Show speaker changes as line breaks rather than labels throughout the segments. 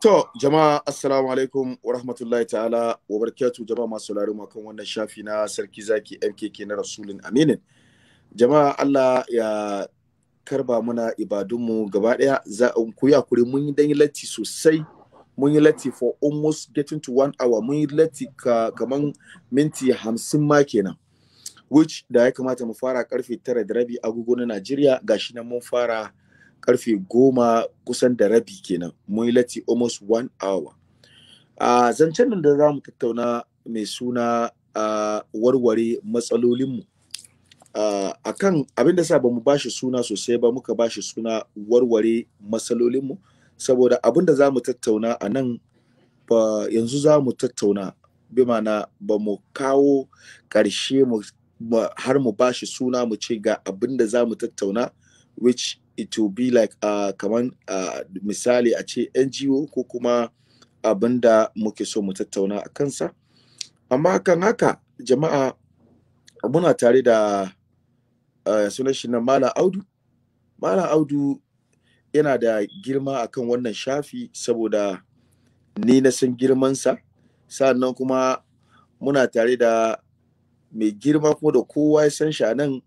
To, jama'a assalamu alaikum wa rahmatullahi ta'ala wa barakatuh jama'a masu lari makon wannan shafi na sarki zaki MKK na Rasulun Aminin. Jama'a Allah ya karba muna ibadunmu gaba daya za ku ya kuri mun yi danyi latti sosai mun yi latti for almost getting to one hour mun yi latti ka kaman minti hamsin ma kenan which da ya kamata mu fara karfe tara da rabi agogo na Najeriya gashi nan mun fara karfe goma kusan da rabi kenan mun yi latti almost one hour a uh, zancen nan da za mu tattauna mai suna uh, warware matsalolinmu uh, a kan abin da sa ba mu bashi suna sosai ba muka bashi suna warware matsalolinmu saboda abin da za mu tattauna a nan yanzu za mu tattauna bi mana ba mu kawo ƙarshe har mu bashi suna mu ce ga abin da za mu tattauna which it will be like uh, kaman uh, misali a ce ngo ko kuma abin da muke so mu tattauna a kansa amma kan haka jama'a muna tare da uh, sunan shi na mala audu mala audu yana da girma akan wannan shafi saboda ni na san girmansa sannan kuma muna tare da mai girma kuma da kowa ya san shi a nan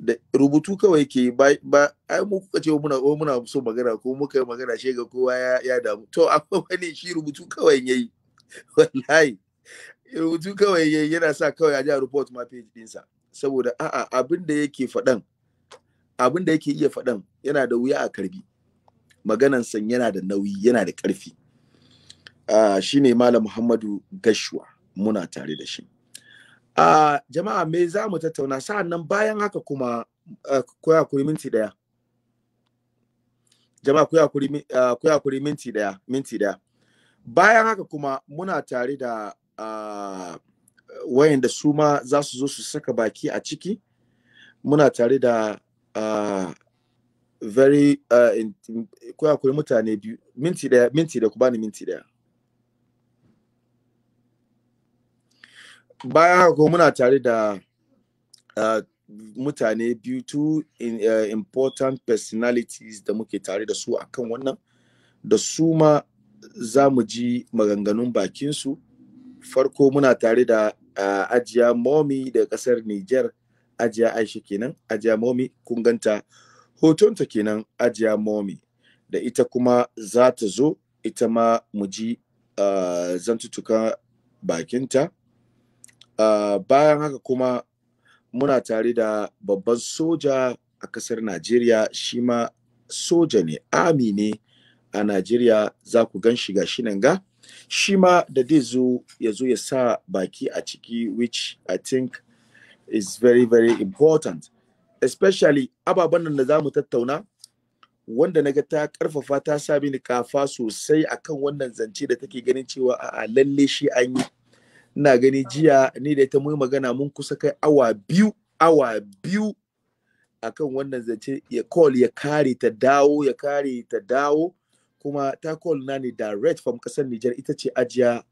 da rubutu kawai ke ba ba ai mu kuka ce muna ko oh, muna so magana ko muka yi magana shi ga kowa ya ya damu to akwai wani shi rubutu kawai yayi wallahi rubutu kawai yayi yana sa kawai a ji report ma page dinsa saboda a'a abin da yake faɗan abin da yake iya faɗan yana da wuya a karbi maganan san yana da nauyi yana da ƙarfi ah, shine malam Muhammadu Gashwa muna tare da shi Uh, jama'a me za mu tattauna sa'an nan bayan haka kuma uh, eh, kuri minti daya. Jama'a kuri, uh, eh, kuri minti daya, minti daya. Bayan haka kuma muna tare da uh, da su ma za su zo su saka baki a ciki. Muna tare da uh, very uh, eh, kuri mutane biyu. Minti daya, minti da ku bani minti daya. bayan haka muna tare da uh, mutane biyu two in, eh, important personalities da muke tare da su akan wannan da su ma za mu ji maganganun bakinsu farko muna tare da uh, ajiya momi da kasar niger ajiya aisha kenan ajiya momi kunganta ganta hotonta kenan ajiya momi da ita kuma za ta zo ita ma mu ji uh, ah, zantutuka bakinta Ah, bayan haka kuma muna tare da babban soja a kasar Najeriya shi ma soja ne ami ne a Najeriya za ku gan shiga shi nan ga shi ma da dai zo ya zo ya sa baki a ciki which I think is very very important especially ababen nan da za mu tattauna wanda na ga ta karfafa ta sa mini kafa sosai akan wannan zance da take ganin cewa a lalle shi an yi ina gani jiya ni da ita mun magana mun kusa kai awa biyu awa biyu akan wannan zance ya call ya kare ta dawo ya kare ta dawo kuma ta call na ne direct from kasar Nijar ita ce ajiya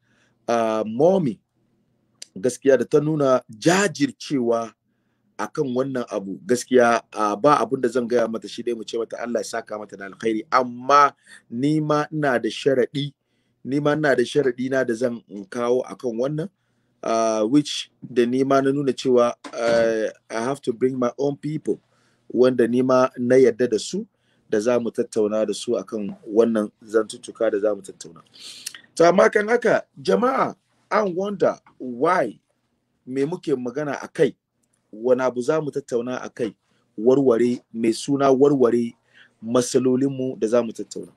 uh, mommy gaskiya da ta nuna jajircewa akan wannan abu gaskiya uh, ba abun da zan gaya mata shi dai mu ce mata Allah ya saka mata da alkhairi amma ni ma ina da sharaɗi nima ma da sharaɗi na da zan kawo akan wannan uh, which da ni na nuna cewa uh, I have to bring my own people wanda ni na yadda da su da za mu tattauna da su akan wannan zantuttuka da za mu tattauna. Ta makon haka jama'a an wonder why me muke magana a kai wani abu za mu tattauna a kai warware mai suna warware matsalolinmu da za mu tattauna.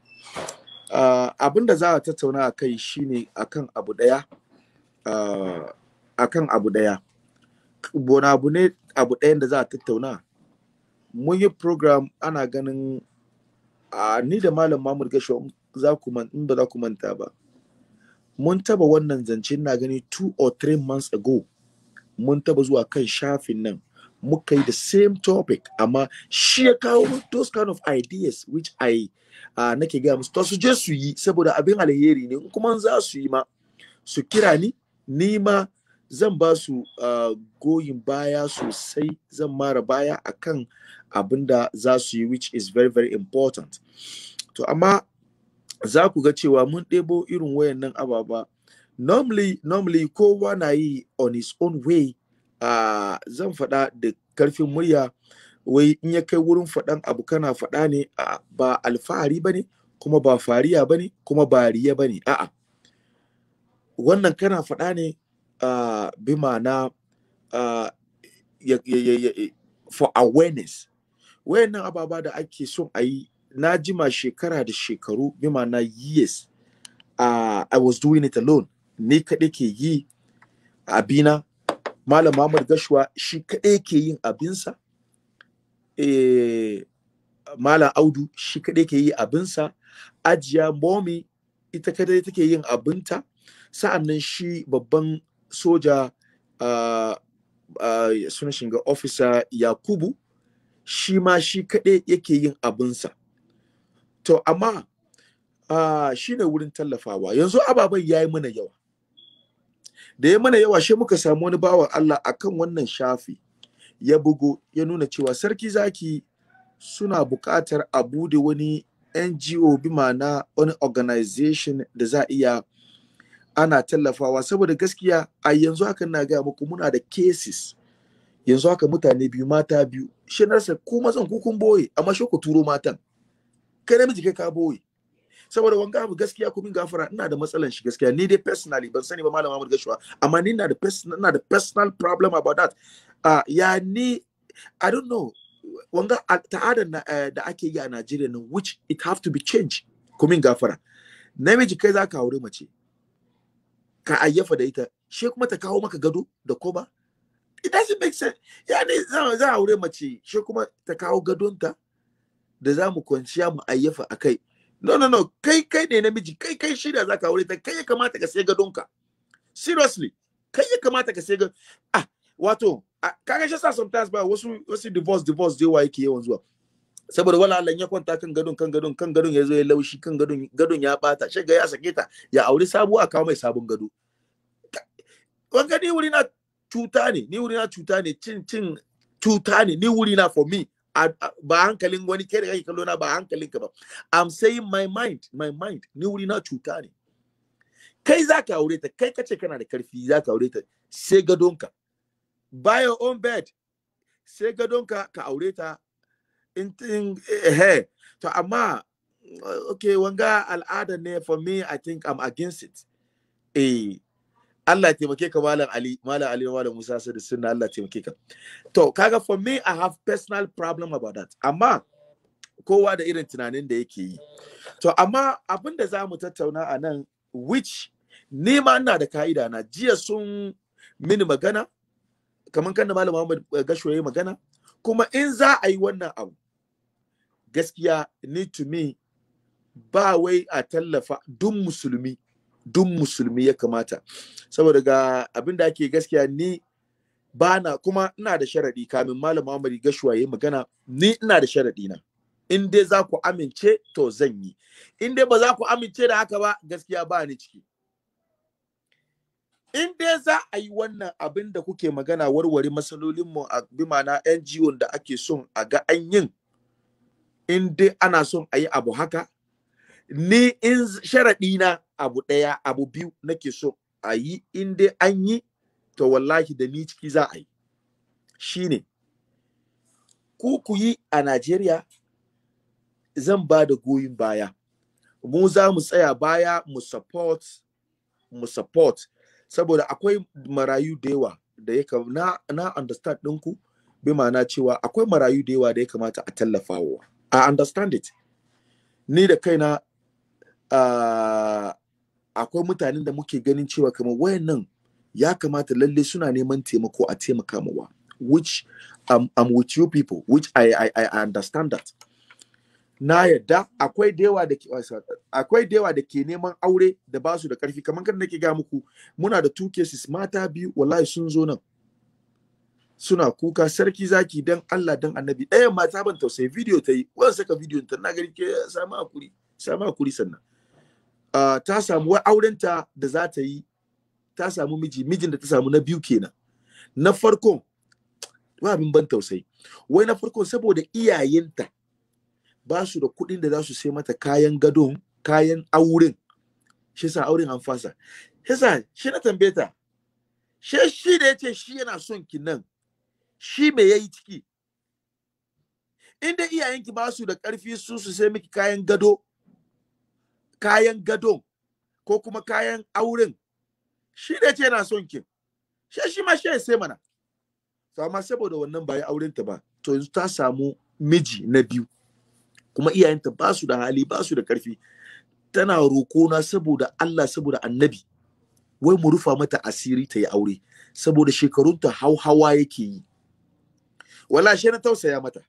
Uh, abin da za a tattauna a kai shine akan abu daya akan ah, abu daya bona abu ne abu dayan da za a tattauna mun yi program ana ganin uh, ni da malam mamur gasho in ba za ku manta ba mun taba wannan zance na gani two or three months ago mun taba zuwa kan shafin nan muka yi the same topic amma shi ya kawo those kind of ideas which I uh, nake gaya musu to su je su yi saboda abin alheri ne in kuma za su yi ma su kira ni ni ma zan ba su uh, goyin baya sosai zan mara baya akan abin da za su yi which is very very important to amma za ku ga cewa mun ɗebo irin wayannan ababa normally normally kowa na yi on his own way zan faɗa da karfin murya wai in ya kai wurin faɗan abu kana faɗa ne ba alfahari ba kuma ba fariya ba ne kuma ba riya ba ne a'a wannan kana faɗa ne bi ma'ana for awareness wayannan ababa da ake son a yi na jima shekara da shekaru bi ma'ana years i was doing it alone ni kaɗai ke yi abina malam Muhammad Gashwa shi kaɗai ke yin abinsa eh, malam Audu shi kaɗai ke yi abinsa ajiya momi ita kadai take yin abinta sa'annan shi babban soja uh, suna shiga ofisa yakubu shi ma shi kaɗai yake yin abinsa to amma uh, ah, shi ne wurin tallafawa yanzu ababen ya yi mana yawa da ya mana yawa shi muka samu wani bawan Allah akan wannan shafi ya bugo ya nuna cewa sarki zaki suna buƙatar a bude wani NGO bi ma'ana wani organization da za iya ana tallafawa saboda gaskiya a yanzu haka na gaya muku muna da cases yanzu haka mutane biyu mata biyu shi na rasa ko mazan ko kun boye amma shi ku turo matan kai namiji kai ka boye saboda wanga abu gaskiya kuma gafara ina da matsalan shi gaskiya ni dai personally ban sani ba malam Ahmad Gashuwa amma ni ina da personal ina da personal problem about that uh, ya ni I don't know wanga ta'adar uh, eh, da ake yi a Najeriya nan which it have to be changed kuma gafara namiji kai zaka aure mace ka ayyafa da ita she kuma ta kawo maka gado da koma it doesn't make sense ni za a aure mace she kuma ta kawo gadonta da za mu kwanciya mu ayyafa a kai no no no kai kai ne namiji kai kai shirya zaka aure ta kai ya kamata ka sai gadonka seriously kai ya kamata ka sai ah wato ah, kaga shi sa sometimes ba wasu wasu divorce divorce da yawa yake yawan zuwa saboda wala Allah ya kwanta kan gadon kan gadon kan gadon ya zo ya laushi kan gadon gadon ya bata shiga ya sake ta ya aure sabuwa a kawo mai sabon gado wanga ni wuri na cuta ne ni wuri na cuta ne cin cin cuta ne ni wuri na for me ba hankalin wani kai da kake kallo na ba hankalin ka ba i'm saying my mind my mind ni wuri na cuta ne kai zaka aure ta kai kace kana da karfi zaka aure ta sai gadonka buy your own bed sai gadonka ka aure ta in in eh to amma okay wanga al'ada ne for me i think i'm against it eh Allah taimake ka Malam Ali, Malam Ali, Malam Musa da Sunna Allah taimake ka. To, kaga for me I have personal problem about that. Amma kowa da irin tunanin da yake yi. To, amma abin da za mu tattauna a nan which ni ma ina da ka'ida na jiya sun mini magana kamar kan da Malam Muhammad eh, Gashuwa ya magana kuma in za a yi wannan abu gaskiya ni to me ba wai a tallafa duk musulmi duk musulmi ya kamata saboda ga abin da ake gaskiya ni ba na kuma ina da sharadi kamin malam amari gashuwa ya magana ni ina da sharadi na in dai za ku amince to zan yi in dai ba za ku amince da haka ba gaskiya ba ni ciki in dai za a yi wannan abin da kuke magana warware matsalolinmu a bimana ngo da ake son a ga an yin in dai ana son a yi abu haka ni in sharaɗi na abu ɗaya abu biyu nake so a yi in dai an yi to wallahi da ni ciki za a yi shine ku ku yi a Najeriya zan ba da goyin baya mu za mu tsaya baya mu support mu support saboda akwai marayu da yawa da ya na na understand ɗinku bi ma'ana cewa akwai marayu da yawa da ya kamata a tallafawa I understand it ni da kaina uh, akwai mutanen da muke ganin cewa kamar wayannan ya kamata lalle suna neman taimako a taimaka mawa which um, I'm with you people which I, I, I understand that na yadda akwai dewa da ke oh, akwai dewa da ke neman aure da ba su da karfi kamar kan nake ga muku muna da two cases mata biyu wallahi sun zo nan suna kuka sarki zaki dan Allah dan annabi ɗayan mata ban tausayi video ta yi wannan saka video ta na gari ke sama hakuri sama hakuri sannan ta samu aurenta da za ta yi ta samu miji mijin da ta samu na biyu kenan na farko ba abin ban tausayi wai na farko saboda iyayenta ba su da kuɗin da za su sai mata kayan gadon kayan auren shi sa auren an fasa shi sa shi na tambaye ta shi shi da ya ce shi yana son ki nan shi me yayi ciki inda iyayenki ba su da ƙarfi su su sai miki kayan gado kayan gado ko kuma kayan auren shi da ce yana son ki she shi ma she sai mana to amma saboda wannan ba ya auren ta ba to yanzu ta samu miji na biyu kuma iyayenta ba su da hali ba su da karfi tana roko na saboda Allah saboda annabi wai mu rufa mata asiri ta yi aure saboda shekarunta hauhawa yake yi wallahi shi na tausaya mata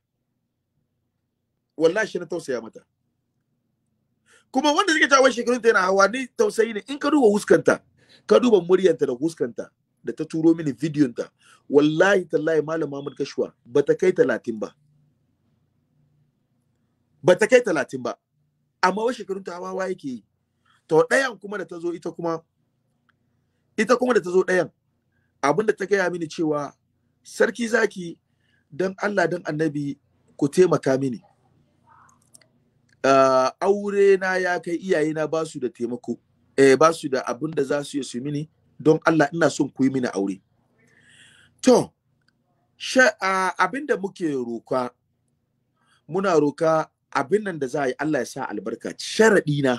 wallahi na tausaya mata kuma wanda suke cewa shekarun ta yana hawa ni tausayi ne in ka duba huskanta ka duba muryanta da huskanta da ta turo mini bidiyon ta wallahi tallahi malam Muhammad Kashwa ta kai talatin ba Ba ta kai talatin ba amma wa shekarun ta hawa yake yi to ɗayan kuma da ta zo ita kuma ita kuma da ta zo ɗayan abinda ta gaya mini cewa sarki zaki don Allah don annabi ku taimaka mini uh, aure na ya kai iyaye na ba su da taimako eh, ba su da abin da za su yi su mini don Allah ina son ku yi mini aure to uh, abin da muke roka muna roka abin nan da za a yi Allah ya sa albarka sharaɗi na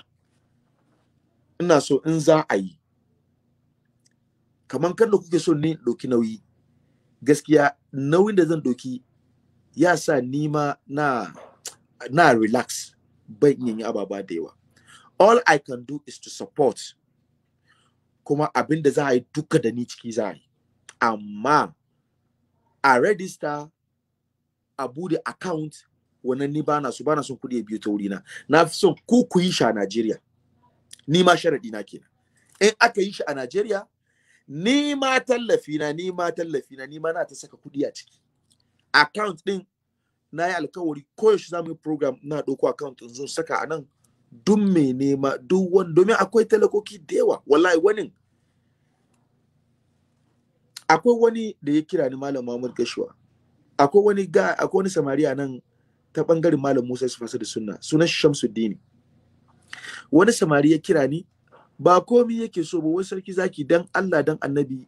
ina so in za a yi kamar kan da kuke son ni ɗauki nauyi gaskiya nauyin da zan ɗauki ya sa nima na na relax ban ababa da yawa all i can do is to support kuma abin da za a yi duka da ni ciki za a yi amma a register a bude account wannan ni bana su bana son kuɗi ya biyo ta wuri na Na fi son ku ku yi shi a Najeriya ni ma sharadi na kenan in aka yi shi a Najeriya ni ma tallafi na ni ma tallafi na ni ma na ta saka kuɗi a ciki account din na yi alkawari koyaushe za mu yi program na ɗauko account zan saka a nan duk mai nema duk wani domin akwai talakoki da yawa wallahi wani akwai wani da ya kira ni malam Muhammad Gashuwa akwai wani ga akwai wani samariya nan ta bangaren malam Musa su fasa da sunna sunan Shamsuddin wani samari ya kira ni ba komi yake so ba wai sarki zaki dan Allah dan Annabi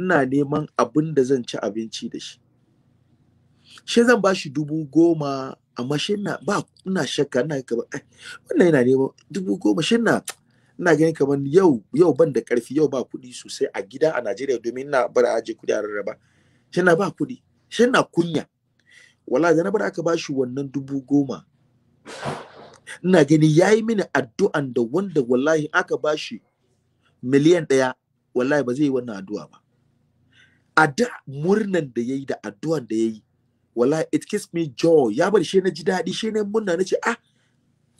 ina neman abin da zan ci abinci da shi she zan ba shi dubu goma amma she na ba ina shakka ina kamar eh, wannan yana neman dubu goma she na ina ganin kamar yau yau ban da karfi yau ba kuɗi sosai a gida a Najeriya domin ina bar aje kuɗi a rarraba she na ba kuɗi she na kunya wallahi da na bar aka ba shi wannan dubu goma ina gani yi mini addu'an da wanda wallahi aka ba shi miliyan ɗaya wallahi ba zai yi wannan addu'a ba a da murnan da ya yi da addu'an da ya yi wala it gives me joy ya bar shi na ji daɗi shi na munna na ah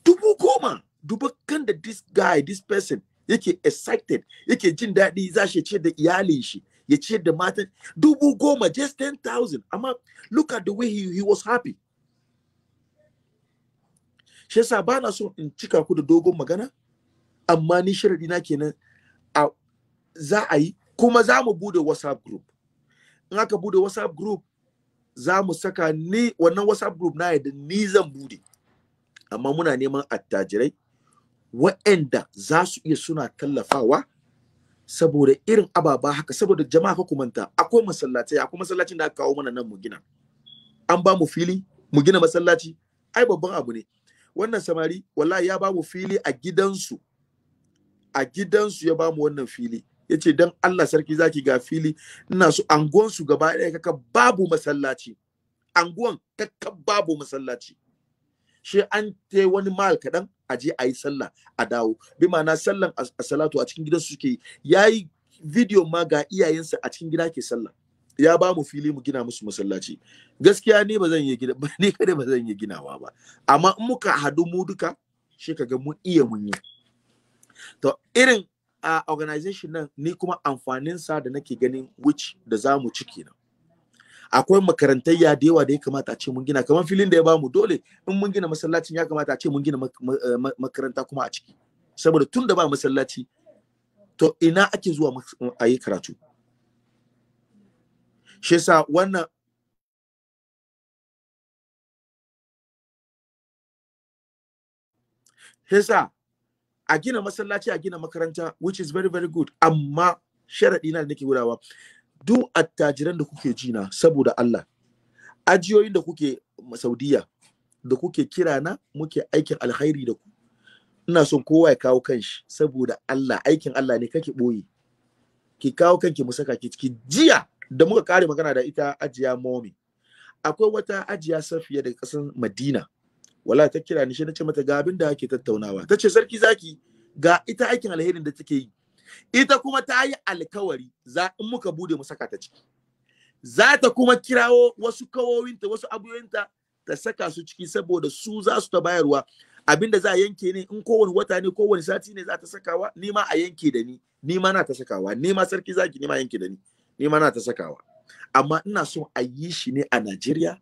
dubu goma dubu kan da this guy this person yake excited yake jin daɗi za shi ce da iyalin shi ya ce da matan dubu goma just 10,000 amma look at the way he, he was happy shi yasa ba na so in cika ku da dogon magana amma ni sharadi na kenan a za a yi kuma za mu bude whatsapp group in aka bude whatsapp group za mu saka ni wannan whatsapp group na yadda ni zan bude amma muna neman attajirai wa'anda za su iya suna tallafawa saboda irin ababa haka saboda jama'a ka kumanta akwai masallaci. akwai masallacin da aka kawo mana nan mu gina an ba mu fili mu gina masallaci ai babban abu ne wannan samari wallahi ya ba mu fili a gidansu a gidansu ya ba mu wannan fili ya ce don Allah sarki zaki ga fili ina su anguwan su gaba ɗaya kaka babu masallaci anguwan kaka babu masallaci shi an te wani mal kaɗan a je a yi sallah a dawo bi ma'ana sallan a salatu a cikin gidan suke ya yi video ma ga iyayensa a cikin gida ke sallah ya ba mu fili mu gina musu masallaci gaskiya ne ba zan yi gida ne kada ba zan yi ginawa ba amma in muka hadu mu duka shi kaga mun iya mun yi to irin a organization nan ni kuma amfaninsa da nake ganin which da za mu ci kenan akwai makarantar ya da yawa da ya kamata a ce mun gina kamar filin da ya bamu dole in mun gina masallacin ya kamata a ce mun gina eh, makaranta kuma a ciki saboda tun da ba masallaci to ina ake zuwa a yi karatu shi yasa wannan shi yasa a gina masallaci a gina makaranta which is very very good amma sharaɗi na da nake gudawa duk attajiran da kuke jina saboda Allah ajiyoyin da kuke Saudiya da kuke kira na muke aikin alkhairi da ku ina son kowa ya kawo kanshi saboda Allah aikin Allah ne kake boye ki kawo kanki mu saka ki ciki jiya da muka kare magana da ita ajiya momi akwai wata ajiya safiya daga ƙasar Madina wala ta kira ni shi na ce mata ga abin da ake tattaunawa ta ce sarki zaki ga ita aikin alherin da take yi ita kuma ta yi alkawari za in muka bude mu saka ta ciki za ta kuma kirawo wasu kawowinta wasu abuyoyinta ta saka su ciki saboda su za su ta bayarwa abinda za a yanke ne in kowane wata ne kowane sati ne za ta sakawa ni ma a yanke da ni ni ma na ta sakawa ni ma sarki zaki ni ma yanke da ni ni ma na ta sakawa amma ina so a yi shi ne a Najeriya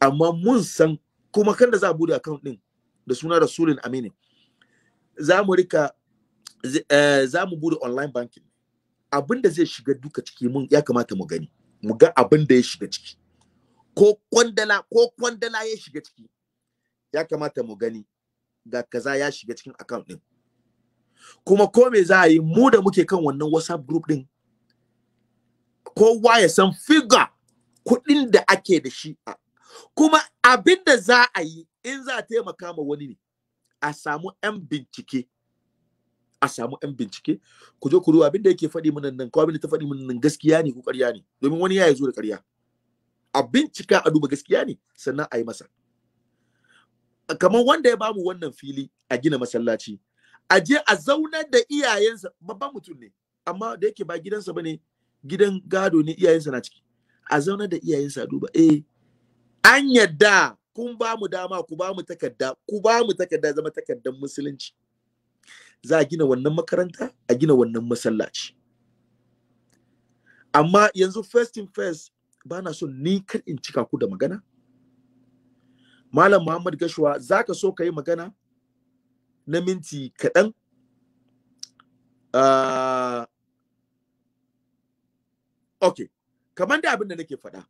amma mun san kuma kan da za a bude account din da suna rasulun amini za mu rika eh, za mu bude online banking abin da zai shiga duka ciki mun ya kamata mu gani mu ga abin da ya shiga ciki ko kwandala ko kwandala ya shiga ciki ya kamata mu gani ga kaza ya shiga cikin account din kuma ko me za a yi mu da muke kan wannan whatsapp group din kowa ya san figure kuɗin da ake da shi a kuma abinda za a yi in za a taimaka ma wani ne a samu 'yan bincike a samu 'yan bincike ku je ku ruwa abin da yake faɗi mana nan ko abin da ta faɗi mana nan gaskiya ne ko ƙarya ne domin wani ya zo da ƙarya a bincika a duba gaskiya ne sannan a yi masa kamar wanda ya bamu wannan fili a gina masallaci a je a zaunar da iyayensa babban mutum ne amma da yake ba gidansa bane gidan gado ne iyayensa na ciki a zaunar da iyayensa a duba eh an yadda kun ba mu dama ku ba mu takarda ku ba mu takarda zama takardar musulunci za a gina wannan makaranta a gina wannan masallaci amma yanzu first in first ba na so ni kar in cika ku da magana malam muhammad gashuwa za ka so ka yi magana na minti kaɗan uh, ok kamar da abin da nake faɗa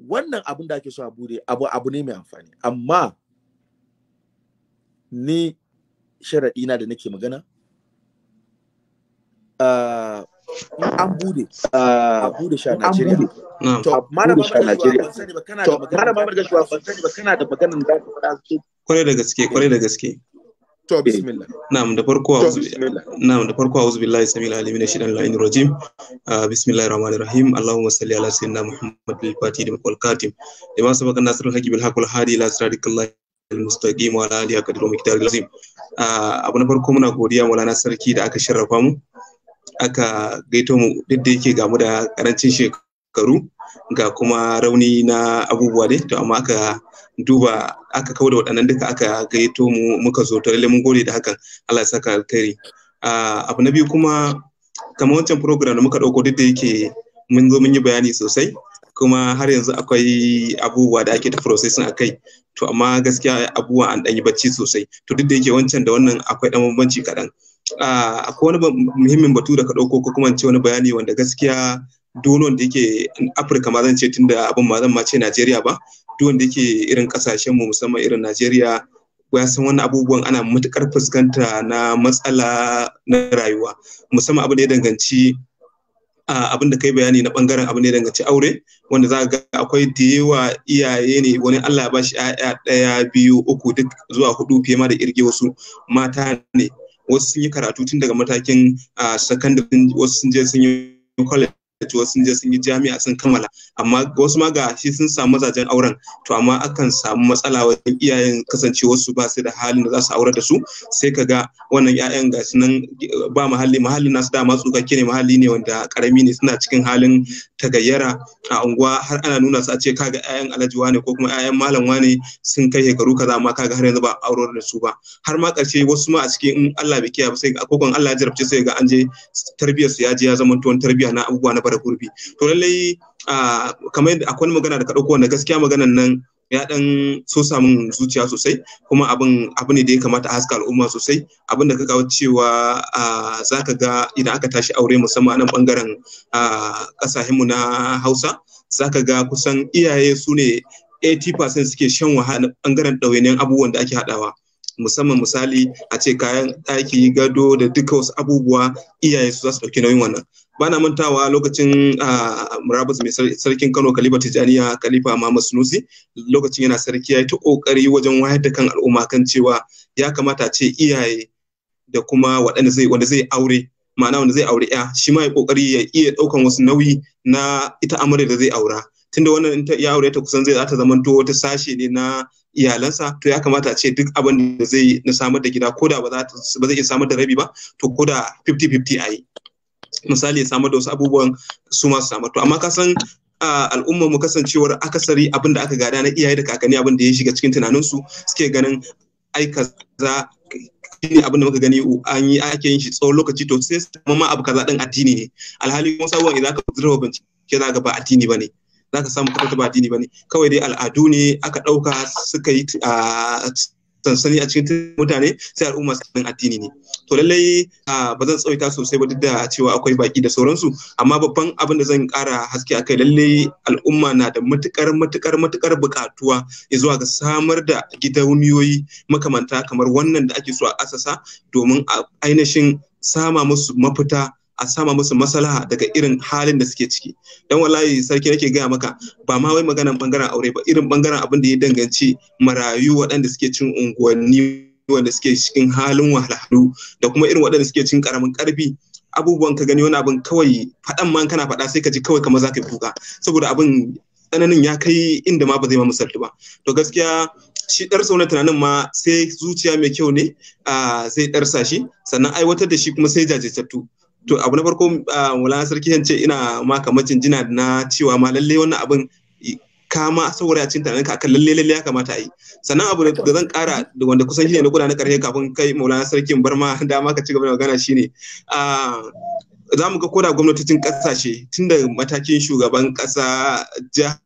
wannan abin da ake so a bude abu abu ne mai amfani amma ni sharaɗi na da nake magana ah, an bude a ah, bude shi a Najeriya to malama shi a Najeriya to malama shi ba kana da maganar da ka faɗa
kwarai da gaske kwarai da gaske To eh, bismillah. Na'am da farko a'udhu Na'am da farko a'udhu billahi samil alim min shaitanir rajim rajim. Ah, bismillahir rahmanir rahim. Allahumma ala sayyidina Muhammad bil fatih wal katim. Lima sabaka nasrul haqi bil haqil hadi la siratillahi al abu na farko muna godiya Maulana sarki da aka sharrafa mu. Aka gaito mu duk da yake gamu da karancin shekaru karu ga kuma rauni na abubuwa dai to amma aka duba aka kawo da waɗannan duka aka gaito mu muka zo tare mun gode da hakan Allah ya saka alkhairi ah, abu na biyu kuma kamar wancan program da muka ɗauko duk da yake mun zo mun yi bayani sosai kuma har yanzu akwai abubuwa da ake ta processing a kai to amma gaskiya abubuwa an ɗan yi bacci sosai to duk da yake wancan da wannan akwai ɗan bambanci kaɗan ah, akwai wani muhimmin batu da ka ɗauko ko kuma ce wani bayani wanda gaskiya duniyar wanda yake Afirka ma zan ce tunda abin ma zan ma ce Najeriya ba duniyar wanda yake irin kasashen mu musamman irin Najeriya ya san wannan abubuwan ana matukar fuskanta na matsala na rayuwa musamman abin da ya danganci abin da kai bayani na bangaren abin da ya danganci aure wanda za ga akwai da yawa iyaye ne wani Allah ya bashi ƴaƴa ɗaya biyu uku duk zuwa hudu fiye ma da kirge wasu mata ne wasu sun yi karatu tun daga matakin secondary wasu sun je sun yi college cewa sun je sun yi jami'a sun kammala amma wasu ma ga shi sun samu mazajen auren to amma akan samu matsala wajen iyayen kasance wasu ba su da halin da za su aurar da su sai ka ga wannan ƴaƴan ga su nan ba mahalli mahallin nasu dama tsukakke ne mahalli ne wanda karami ne suna cikin halin tagayyara a unguwa har ana nuna su a ce kaga ƴaƴan alajiwa ne ko kuma ƴaƴan malam wane sun kai shekaru kaza amma kaga har yanzu ba aurar da su ba har ma ƙarshe wasu ma a cikin in Allah bai kiyaye ba sai ga kokon Allah ya jarabce sai ga an je tarbiyar su ya je ya zama tuwon tarbiya na abubuwa na da kurfi to lallai kamar yadda akwai magana da ka wanda gaskiya maganan nan ya ɗan so samun zuciya sosai kuma abin abu ne da ya kamata a haska al'umma sosai abin da ka kawo cewa za ka ga idan aka tashi aure musamman nan bangaren mu na hausa za ka ga kusan iyaye su ne 80% suke shan wahala ɓangaren ɗawainiyar abubuwan da ake haɗawa musamman misali a ce kayan ɗaki gado da duka wasu abubuwa iyaye su za su ɗauki nauyin wannan bana mantawa lokacin murabus mai sarkin kano kalifa tijaniya kalifa mama sunusi lokacin yana sarki ya yi ta kokari wajen wayar da kan al'umma kan cewa ya kamata ce iyaye da kuma waɗanda zai wanda zai aure ma'ana wanda zai aure ya shi ma ya kokari ya iya ɗaukan wasu nauyi na ita amarya da zai aura tunda wannan ya aure ta kusan zai za ta zamanto wata sashe ne na iyalansa to ya kamata a ce duk abin da zai na samar da gida ko da ba zai iya samar da rabi ba to ko da 50-50 a yi misali ya samar da wasu abubuwan su masu samu to amma kasan san al'ummar mu kasancewar akasari abin da aka gada na iyaye da kakanni abin da ya shiga cikin su suke ganin ai kaza shine abin da muka gani an yi ake yin shi tsawon lokaci to sai su ma abu kaza din addini ne alhali kuma sabon idan ka zurfa bincike za ga ba addini bane za ka samu kafata ba addini bane kawai dai al'adu ne aka dauka suka yi sansani a cikin mutane sai al'umma su sanin addini ne to lallai ba zan tsawaita sosai ba duk da cewa akwai baki da sauransu amma babban abin da zan kara haske akai lallai al'umma na da matukar matukar matukar bukatuwa zuwa ga samar da gidauniyoyi makamanta kamar wannan da ake so a asasa domin ainihin sama musu mafita a sama musu maslaha daga irin halin da suke ciki dan wallahi sarki nake gaya maka ba ma wai maganan bangaren aure ba irin bangaren abin da ya danganci marayu waɗanda suke cin unguwanni wanda suke cikin halin wahalhalu da kuma irin waɗanda suke cin karamin karfi abubuwan ka gani wani abin kawai faɗan man kana faɗa sai ka ji kawai kamar za ka kuka saboda abin tsananin ya kai inda ma ba zai ma misaltu ba to gaskiya shi ɗarsa wani tunanin ma sai zuciya mai kyau ne ah, zai ɗarsa shi sannan aiwatar da shi kuma sai jajirtattu to abu na farko wala sarki ce ina ma kamacin jina na cewa ma lalle wannan abin kama saboda cin tunanin ka akan lalle lalle ya kamata a yi sannan abu da zan kara da wanda kusan shine na gudanar karshe kafin kai maulana sarkin ma dama ka ci gaba da magana shine za mu ga koda gwamnatocin kasashe tun da matakin shugaban kasa jiha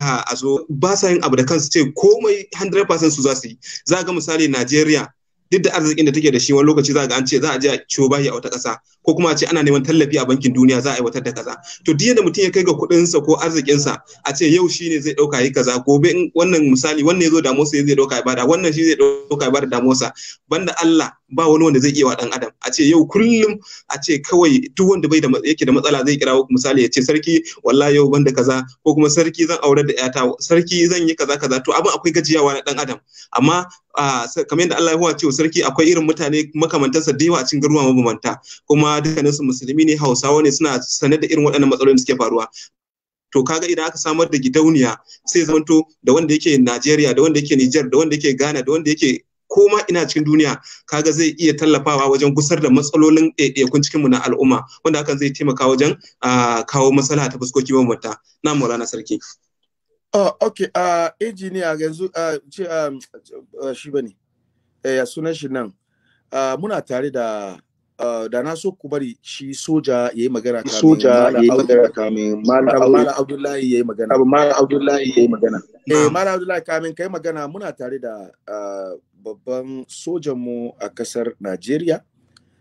a zo ba sa yin abu da kansu ce komai 100% su za su yi za ga misali Najeriya duk da arzikin da take da shi wani lokaci za ga an ce za a je a ciwo bashi a wata ƙasa ko kuma a ce ana neman tallafi a bankin duniya za a aiwatar da kaza to duk yadda mutum ya kai ga kuɗinsa ko arzikinsa a ce yau shine zai ɗauka yi kaza gobe wannan misali wannan ya zo damuwarsa zai ɗauka ibada wannan shi zai ɗauka ibada damuwarsa banda Allah ba wani wanda zai iya wa ɗan adam a ce yau kullum a ce kawai duk wanda bai da yake da matsala zai kirawo misali ya ce sarki wallahi yau banda kaza ko kuma sarki zan aure da ƴata sarki zan yi kaza kaza to abin akwai gajiyawa na ɗan adam amma kamar yadda Allah ya ce sarki akwai irin mutane makamantansa da yawa a cikin garuwa mabambanta kuma kuma dukkaninsu musulmi ne hausawa ne suna sanar da irin waɗannan matsalolin suke faruwa to kaga idan aka samar da gidauniya sai zamanto da wanda yake Najeriya da wanda yake Niger da wanda yake Ghana da wanda yake koma ina cikin duniya kaga zai iya tallafawa wajen gusar da matsalolin ɗaiɗaikun cikin mu na al'umma wanda hakan zai taimaka wajen kawo matsala ta fuskoki mabambanta na rana Sarki.
Oh, ok, uh, yanzu ce uh, shi bane, eh, ya sunan shi nan, muna tare da Eh, da na so ku bari shi soja ya yi magana kamin soja ya yi magana kamin mala abdullahi ya yi magana abu mala abdullahi ya yi magana eh mala abdullahi kamin kai magana muna tare da eh, babban sojanmu a kasar najeriya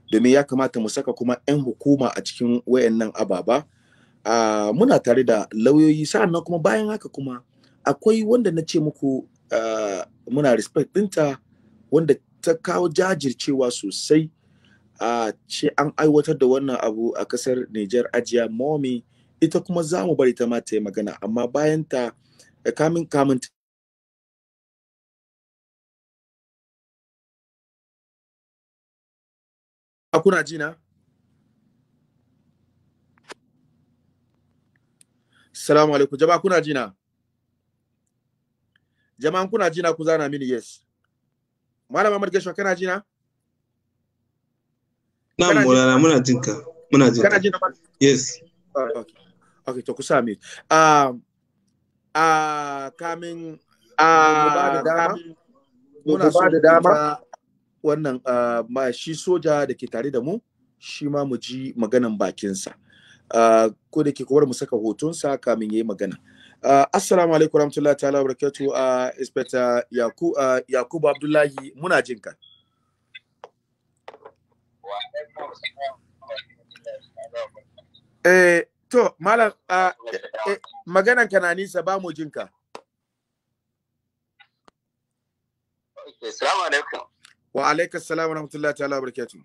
domin ya kamata mu saka kuma 'yan hukuma a cikin wayannan ababa ah, muna tare da lauyoyi sa'an nan kuma bayan haka kuma akwai wanda na ce muku eh, muna respect ɗinta wanda ta kawo jajircewa sosai a ce an aiwatar da wannan abu a kasar Nijar ajiya momi ita kuma za mu bari ta mata yi magana amma bayan ta eh,
kamin kamin kuna jina na?
Salamu alaikum. Jama'a kuna jina? jama'a kuna jina ku zana mini yes. Malam Ahmad Gashwa kana jina? na mulana muna
jin ka muna jin kana jin yes
ah, okay okay to ku sami ah ah kamin ah muna so da dama wannan ah, ma shi soja da ke tare da mu shi ma mu ji maganan bakinsa ah, ko da ke kowar mu saka hotonsa kamin yayi magana Uh, assalamu alaikum warahmatullahi ta'ala barakatu a uh, inspector yakubu uh, Yaku abdullahi muna jinka. Eh, to, Malam, uh, eh, maganan ka na nisa ba mu jinka.
Assalamu alaikum.
Wa alaikum salam wa rahmatullahi ta'ala wa barakatuh.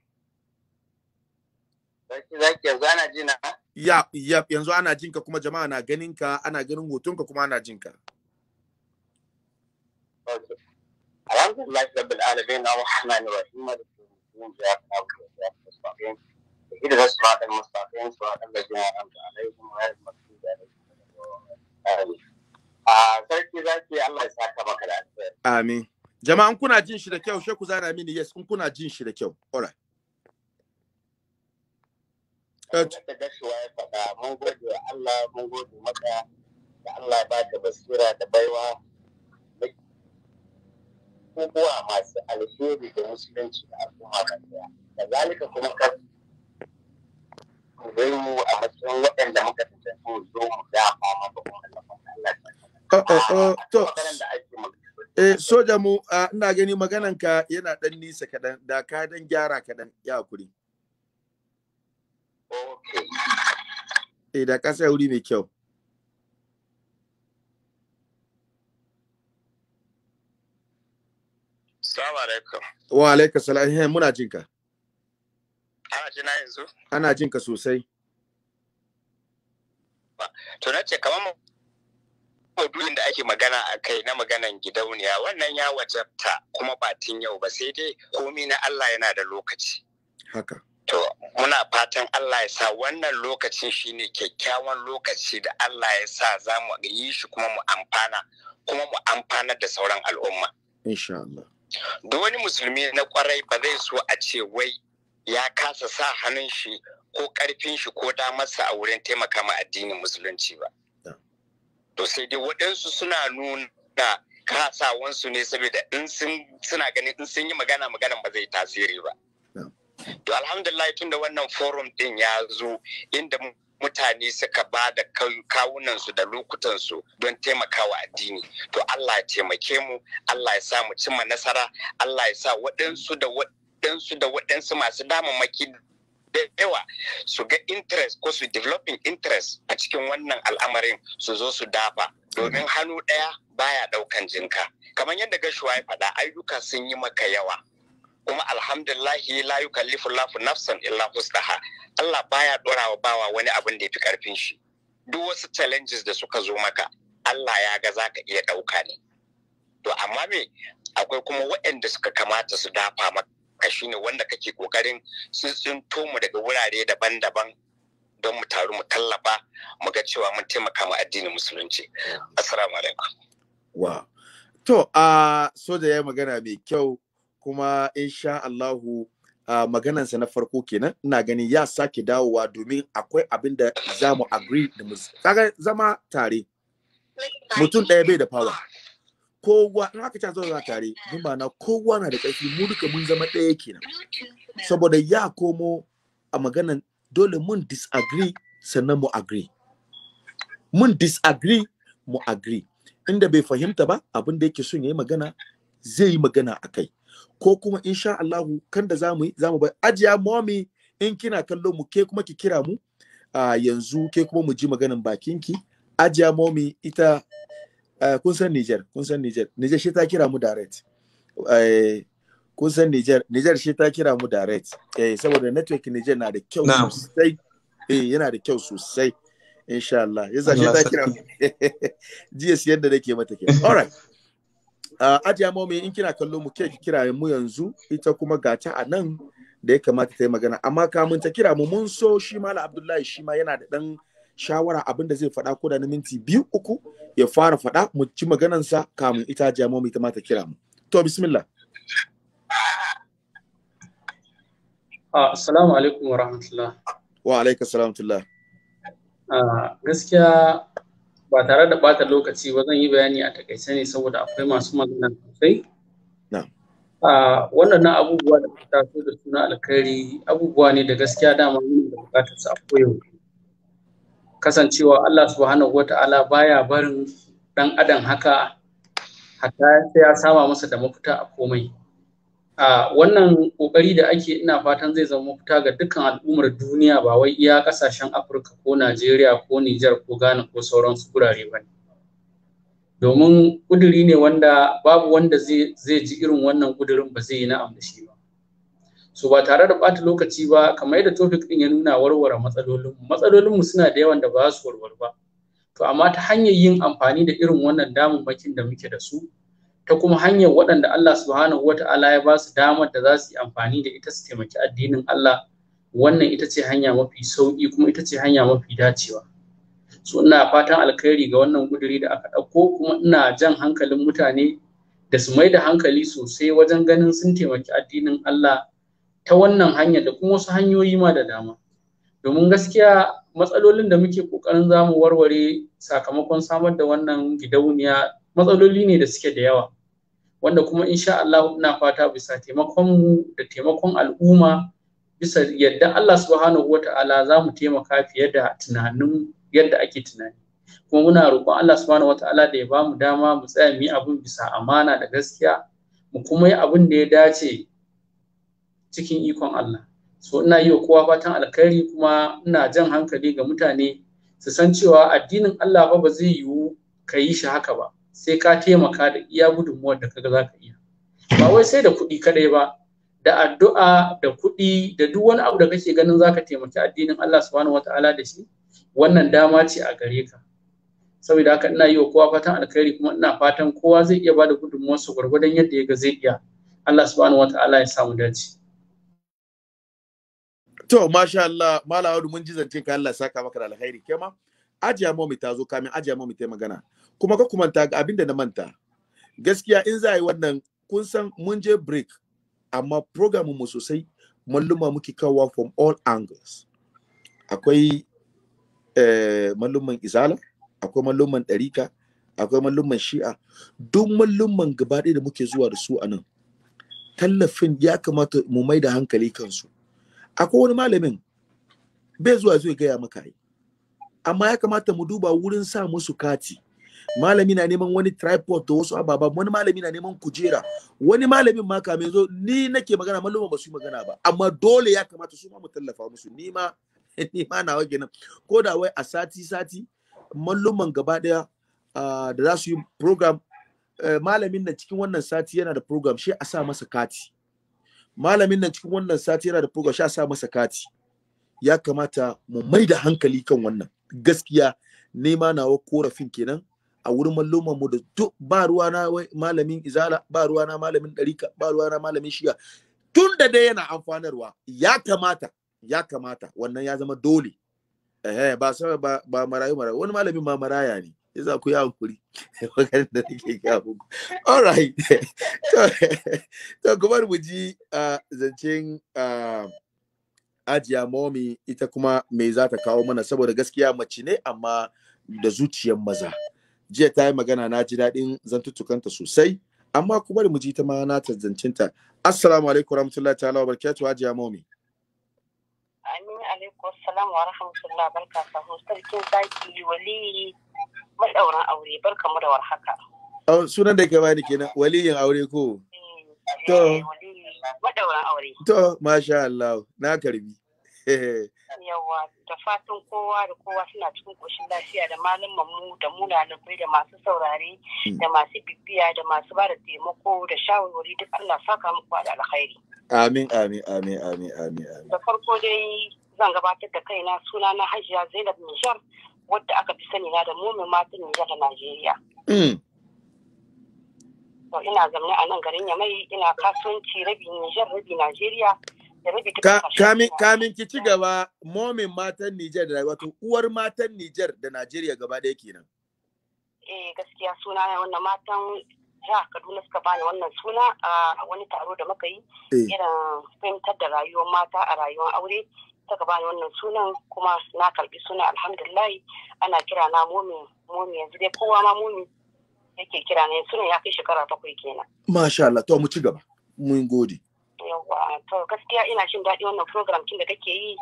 Zaki zaki yanzu ana jina?
Ya, ya, yanzu ana jinka kuma jama'a na ganin ka, ana ganin hotonka kuma ana jinka.
Alhamdulillah rabbil alamin wa rahmanir rahim. جاءت
amin jama'an kuna jin shi da kyau sheku zana mini yes in kuna jin shi da kyau alright da
gashuwa ya faɗa mun gode Allah mun gode maka da Allah ba ka basira da baiwa abubuwa masu alheri da musulunci da al'umma kan daya da zalika kuma kan zai mu a matsayin waɗanda muka tantance mu zo mu dafa maka kuma Allah
Allah eh, eh, eh, to eh soja mu ina gani maganan ka yana dan nisa kadan da ka dan gyara kadan ya kuri. okay eh da kasa ya wuri mai kyau Assalamu alaikum. Wa alaikum salam. Eh, muna jinka.
Ana jina yanzu?
Ana jinka sosai.
To na ce kamar maudu'in da ake magana a kai na maganan gidauniya wannan ya wajabta kuma ba tun yau ba sai dai komi na Allah yana da lokaci. Haka. To muna fatan Allah ya sa wannan lokacin shine kyakkyawan lokaci da Allah ya sa za mu yi shi kuma mu amfana kuma mu amfanar da sauran al'umma.
Insha Allah.
da wani musulmi na kwarai ba zai so a ce wai ya kasa sa hannun shi ko karfin shi ko damarsa a wurin taimaka ma addinin musulunci ba to sai dai waɗansu suna nuna kasawansu ne saboda in suna ganin in sun yi magana magana ba zai tasiri ba to alhamdulillah tunda wannan forum din ya zo inda mutane suka ba da kawunansu da lokutansu don taimakawa addini to Allah ya taimake mu Allah ya sa mu cimma nasara Allah ya sa waɗansu da waɗansu da waɗansu masu damammaki da yawa su ga interest ko su developing interest a cikin wannan al'amarin su zo su dafa domin hannu ɗaya baya ɗaukan jinka kamar yadda gashuwa ya faɗa ayyuka sun yi maka yawa kuma alhamdulillahi la yukallifu lafu nafsan illa wusaha Allah baya dorawa bawa wani abin da yafi karfin shi duk wasu challenges da suka zo maka Allah ya ga zaka iya dauka ne to amma me akwai kuma waɗanda suka kamata su dafa maka shine wanda kake kokarin sun mu daga wurare daban-daban don mu taru mu tallafa mu ga cewa mun taimaka mu addinin musulunci assalamu alaikum
wa to a ah, so da ya magana mai kyau kuma in sha Allahu uh, maganansa na farko kenan ina ganin ya sake dawowa domin akwai abin da za mu agree da mu zama tare mutum ɗaya bai da power kowa in aka ce zama tare mun ba na kowa na da ƙarfi mu duka mun zama ɗaya kenan saboda ya komo a maganan dole mun disagree sannan mu agree mun disagree mu agree inda bai fahimta ba abin da yake son ya magana zai yi magana a kai ko kuma insha Allahu kan da zamu yi zamu bai ajiya mommy in kina kallo mu ke kuma ki kira mu a yanzu ke kuma mu ji maganan bakinki ajiya mommy ita kun san Niger kun san Niger Niger shi ta kira mu direct kun san Niger Niger shi ta kira mu direct eh saboda network Niger na da kyau sosai eh yana da kyau sosai insha Allah yasa shi ta kira jiya GS yadda nake mata ke all right ajiya momi in kina kallo mu ke kira mu yanzu ita kuma gata a nan da ya kamata ta yi magana amma kamun ta kira mu mun so shi mala abdullahi shi ma yana da dan shawara abin da zai faɗa ko da na minti biyu uku ya fara faɗa mu ci maganansa kamun ita ajiya momi ta ma ta kira mu to bismillah
ah, assalamu alaikum wa rahmatullah
wa alaikum salamtullah
ah, gaskiya ba tare da bata lokaci ba zan yi bayani a takaice ne saboda akwai masu magana sosai wannan abubuwa da ta taso da suna alkhairi abubuwa ne da gaskiya dama mun da bukatar su a koyaushe kasancewa Allah subhanahu wata'ala baya barin dan adam haka hatta sai ya sama masa da mafita a komai a wannan kokari da ake ina fatan zai zama mafita ga dukkan al'ummar duniya ba wai iya kasashen afirka ko najeriya ko nijar ko ghana ko sauran su gurare ba domin kuduri ne wanda babu wanda zai ji irin wannan kudurin ba zai yi na'am da shi ba so ba tare da ɓata lokaci ba kamar yadda topic din ya nuna warware matsalolin matsalolin mu suna da yawan da ba su warware ba to amma ta hanyar yin amfani da irin wannan damammakin da muke da su ta kuma hanyar waɗanda Allah subhanahu ta'ala ya ba su damar da za su yi amfani da ita su taimaki addinin Allah wannan ita ce hanya mafi sauki kuma ita ce hanya mafi dacewa so ina fatan alkhairi ga wannan guduri da aka ɗauko kuma ina jan hankalin mutane da su mai da hankali sosai wajen ganin sun taimaki addinin Allah ta wannan hanya da kuma wasu hanyoyi ma da dama domin gaskiya matsalolin da muke kokarin zamu warware sakamakon samar da wannan gidauniya matsaloli ne da suke da yawa wanda kuma insha Allah ina fata bisa taimakon mu da taimakon al'umma bisa yadda Allah subhanahu wata'ala za mu taimaka fiye da tunanin yadda ake tunani kuma muna roƙon Allah subhanahu wata'ala da ya ba mu dama mu tsaya mu yi abin bisa amana da gaskiya mu kuma yi abin da ya dace cikin ikon Allah so ina yi wa kowa fatan alkhairi kuma ina jan hankali ga mutane su san cewa addinin Allah ba ba zai yiwu ka yi shi haka ba sai ka taimaka da iya gudunmuwar da kaga za ka iya ba wai sai da kuɗi kadai ba da addu'a da kuɗi da duk wani abu da kake ganin za ka taimaki addinin Allah subhanahu wata'ala da shi wannan dama ce a gare ka saboda haka ina yi wa kowa fatan alkhairi kuma ina fatan kowa zai iya bada su gwargwadon yadda ya ga zai iya Allah subhanahu wata'ala ya samu dace to masha Allah malam mun ji zance ka Allah
saka maka da alkhairi kema ajiya momi ta zo kamin ajiya mu ta magana kuma ka kumanta ga abin da na manta gaskiya in za a yi wannan kun san mun je break amma program mu sosai malluma muke kawo from all angles akwai eh, malluman izala akwai malluman ɗarika akwai malluman shi'a duk malluman gaba ɗaya da muke zuwa da su a nan tallafin ya kamata mu mai da hankali kansu akwai wani malamin bai zuwa zai gaya maka yi amma ya kamata mu duba wurin sa musu kati malami na neman wani tripod da wasu ababa wani malami na neman kujera wani malamin ma kame zo ni nake magana malluma ba su magana ba amma dole ya kamata su ma mu tallafa musu ni ma ni ma nawa kenan ko da wai a sati sati malluman gaba daya da za su yi program eh, malamin nan cikin wannan sati yana da program shi a sa masa kati malamin nan cikin wannan sati yana da program shi a sa masa kati ya kamata mu mai da hankali kan wannan gaskiya nema nawa korafin kenan a wurin malluman mu da duk ba ruwa na malamin izala ba ruwa na malamin ɗarika ba ruwa na malamin shiya tun da dai yana amfanarwa ya kamata ya kamata wannan ya zama dole eh ba sai ba, ba marayu marayu wani malamin ma maraya ne za ku yi hankuri Wannan da nake ga muku all right to to kuma mu ji zancen ajiya momi ita kuma me za ta kawo mana saboda gaskiya mace ne amma da zuciyar maza jiya ta yi magana na ji daɗin zantuttukanta sosai amma ku bari mu ji ta ma na tazancinta assalamu alaikum warahmatullahi ta'ala wa barakatuhu hajiya momi
amin alaikum assalamu wa barka ta sarkin zaki wali madauran aure barka barkamu da warhaka
oh, sunan da ka bani kenan waliyin aure ko eh, to eh,
madauran aure
to masha Allah na karbi
yawa da fatan kowa da kowa suna cikin koshin lafiya da malin mu da mu ɗalibai da masu saurare hmm. da masu bibiya da masu bada taimako da shawarwari duk Allah saka muku da alkhairi
amin amin amin amin amin
da farko dai zan gabatar da kaina suna na hajiya zainab nijar wadda aka fi sani na da mumin matan nijar da najeriya hmm. ina zaune a nan garin yamai ina kasuwanci rabi nijar rabi najeriya
kamin ki ci gaba momin matan Nijar da wato uwar matan Nijar da Najeriya gaba ɗaya kenan.
Eh gaskiya suna wannan matan jihar Kaduna suka bani wannan suna a wani taro da muka yi irin eh. fahimtar da rayuwar mata a rayuwar aure suka bani wannan sunan kuma na karbi suna alhamdulillah ana kira na momi momi yanzu dai kowa ma momi yake kira ne sunan ya kai shekara bakwai kenan.
Masha Allah to mu ci gaba mun gode.
yawa to gaskiya ina jin daɗi wannan program kin da kake yi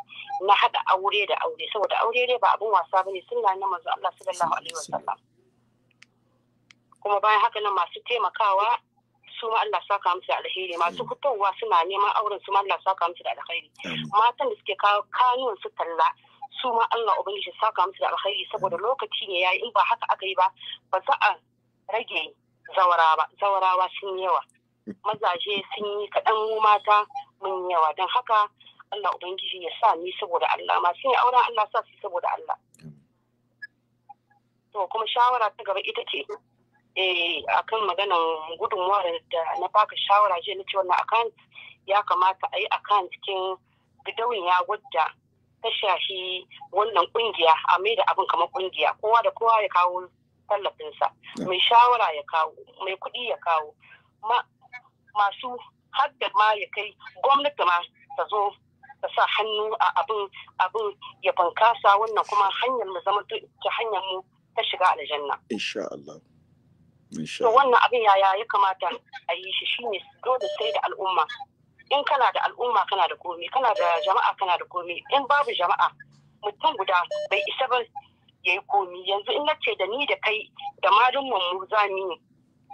na haɗa aure da aure saboda aure dai ba abin wasa bane sunna na manzo Allah sallallahu alaihi wasallam kuma bayan haka nan masu taimakawa su ma Allah saka musu alheri masu fitowa suna neman auren su ma Allah saka musu da alheri matan da suke kawo kanuwan su talla su ma Allah ubangiji saka musu da alheri saboda lokaci ne yayi in ba haka aka yi ba ba za a rage zawarawa zawarawa sun yawa mazaje sun yi kaɗan mu mata mun yawa don haka Allah Ubangiji ya sa ni saboda Allah masu sun yi auren Allah sa su saboda Allah. To kuma shawara ta gaba ita ce eh, a kan maganan gudunmuwar da na baka shawara je na ce wannan akant ya kamata a yi account cikin ya wadda ta shafi wannan kungiya a mai da abin kamar kungiya kowa da kowa ya kawo tallafinsa mai shawara ya kawo mai kuɗi ya kawo masu haddar ma ya kai gwamnati ma ta zo ta sa hannu a abin abin ya bunkasa wannan kuma hanyar mu zama ta hanyar mu ta shiga aljanna
insha Allah
to wannan abin yaya ya kamata a yi shi shine dole sai da al'umma in kana da al'umma kana da komi kana da jama'a kana da komi in babu jama'a mutum guda bai isa ba yayi yi komi yanzu in nace da ni da kai da malumman mu za mu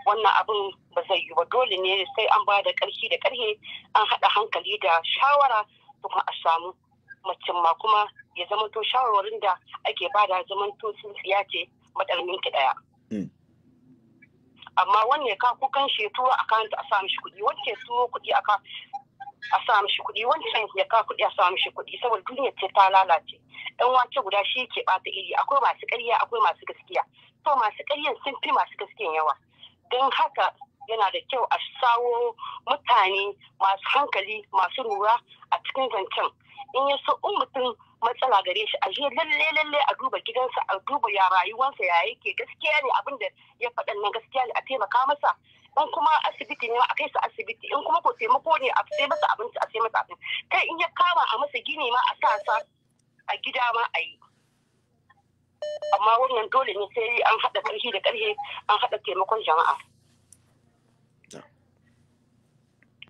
wannan abin ba zai yi ba dole ne sai an ba da ƙarfi da ƙarfi an haɗa hankali da shawara tukun a samu macin ma kuma ya zama to shawarwarin da ake bada sun tsintsiya ce matsalmin ki ɗaya. Mm. amma wanne ka kukan shi tura kan a sa mishi kuɗi wacce turo kuɗi aka a sa mishi kuɗi wancan ya ka kuɗi a sa mishi kuɗi saboda duniya ce ta lalace Ɗan wace guda shi ke ɓata iri akwai masu ƙarya akwai masu gaskiya to masu ƙaryan sun fi masu gaskiyan yawa don haka yana da kyau a sawo mutane masu hankali masu lura a cikin zancen in ya so in mutum matsala gare shi a je lalle lalle a duba gidansa a duba ya rayuwansa ya yake gaskiya ne abin da ya faɗan nan gaskiya ne a taimaka masa in kuma asibiti ne a kai su asibiti in kuma ko taimako ne a sai masa abinci a sai masa abinci kai in ya kama a masa gini ma a sa sa a gida ma a yi amma wannan dole ne sai an haɗa ƙarfi da ƙarfe an haɗa taimakon jama'a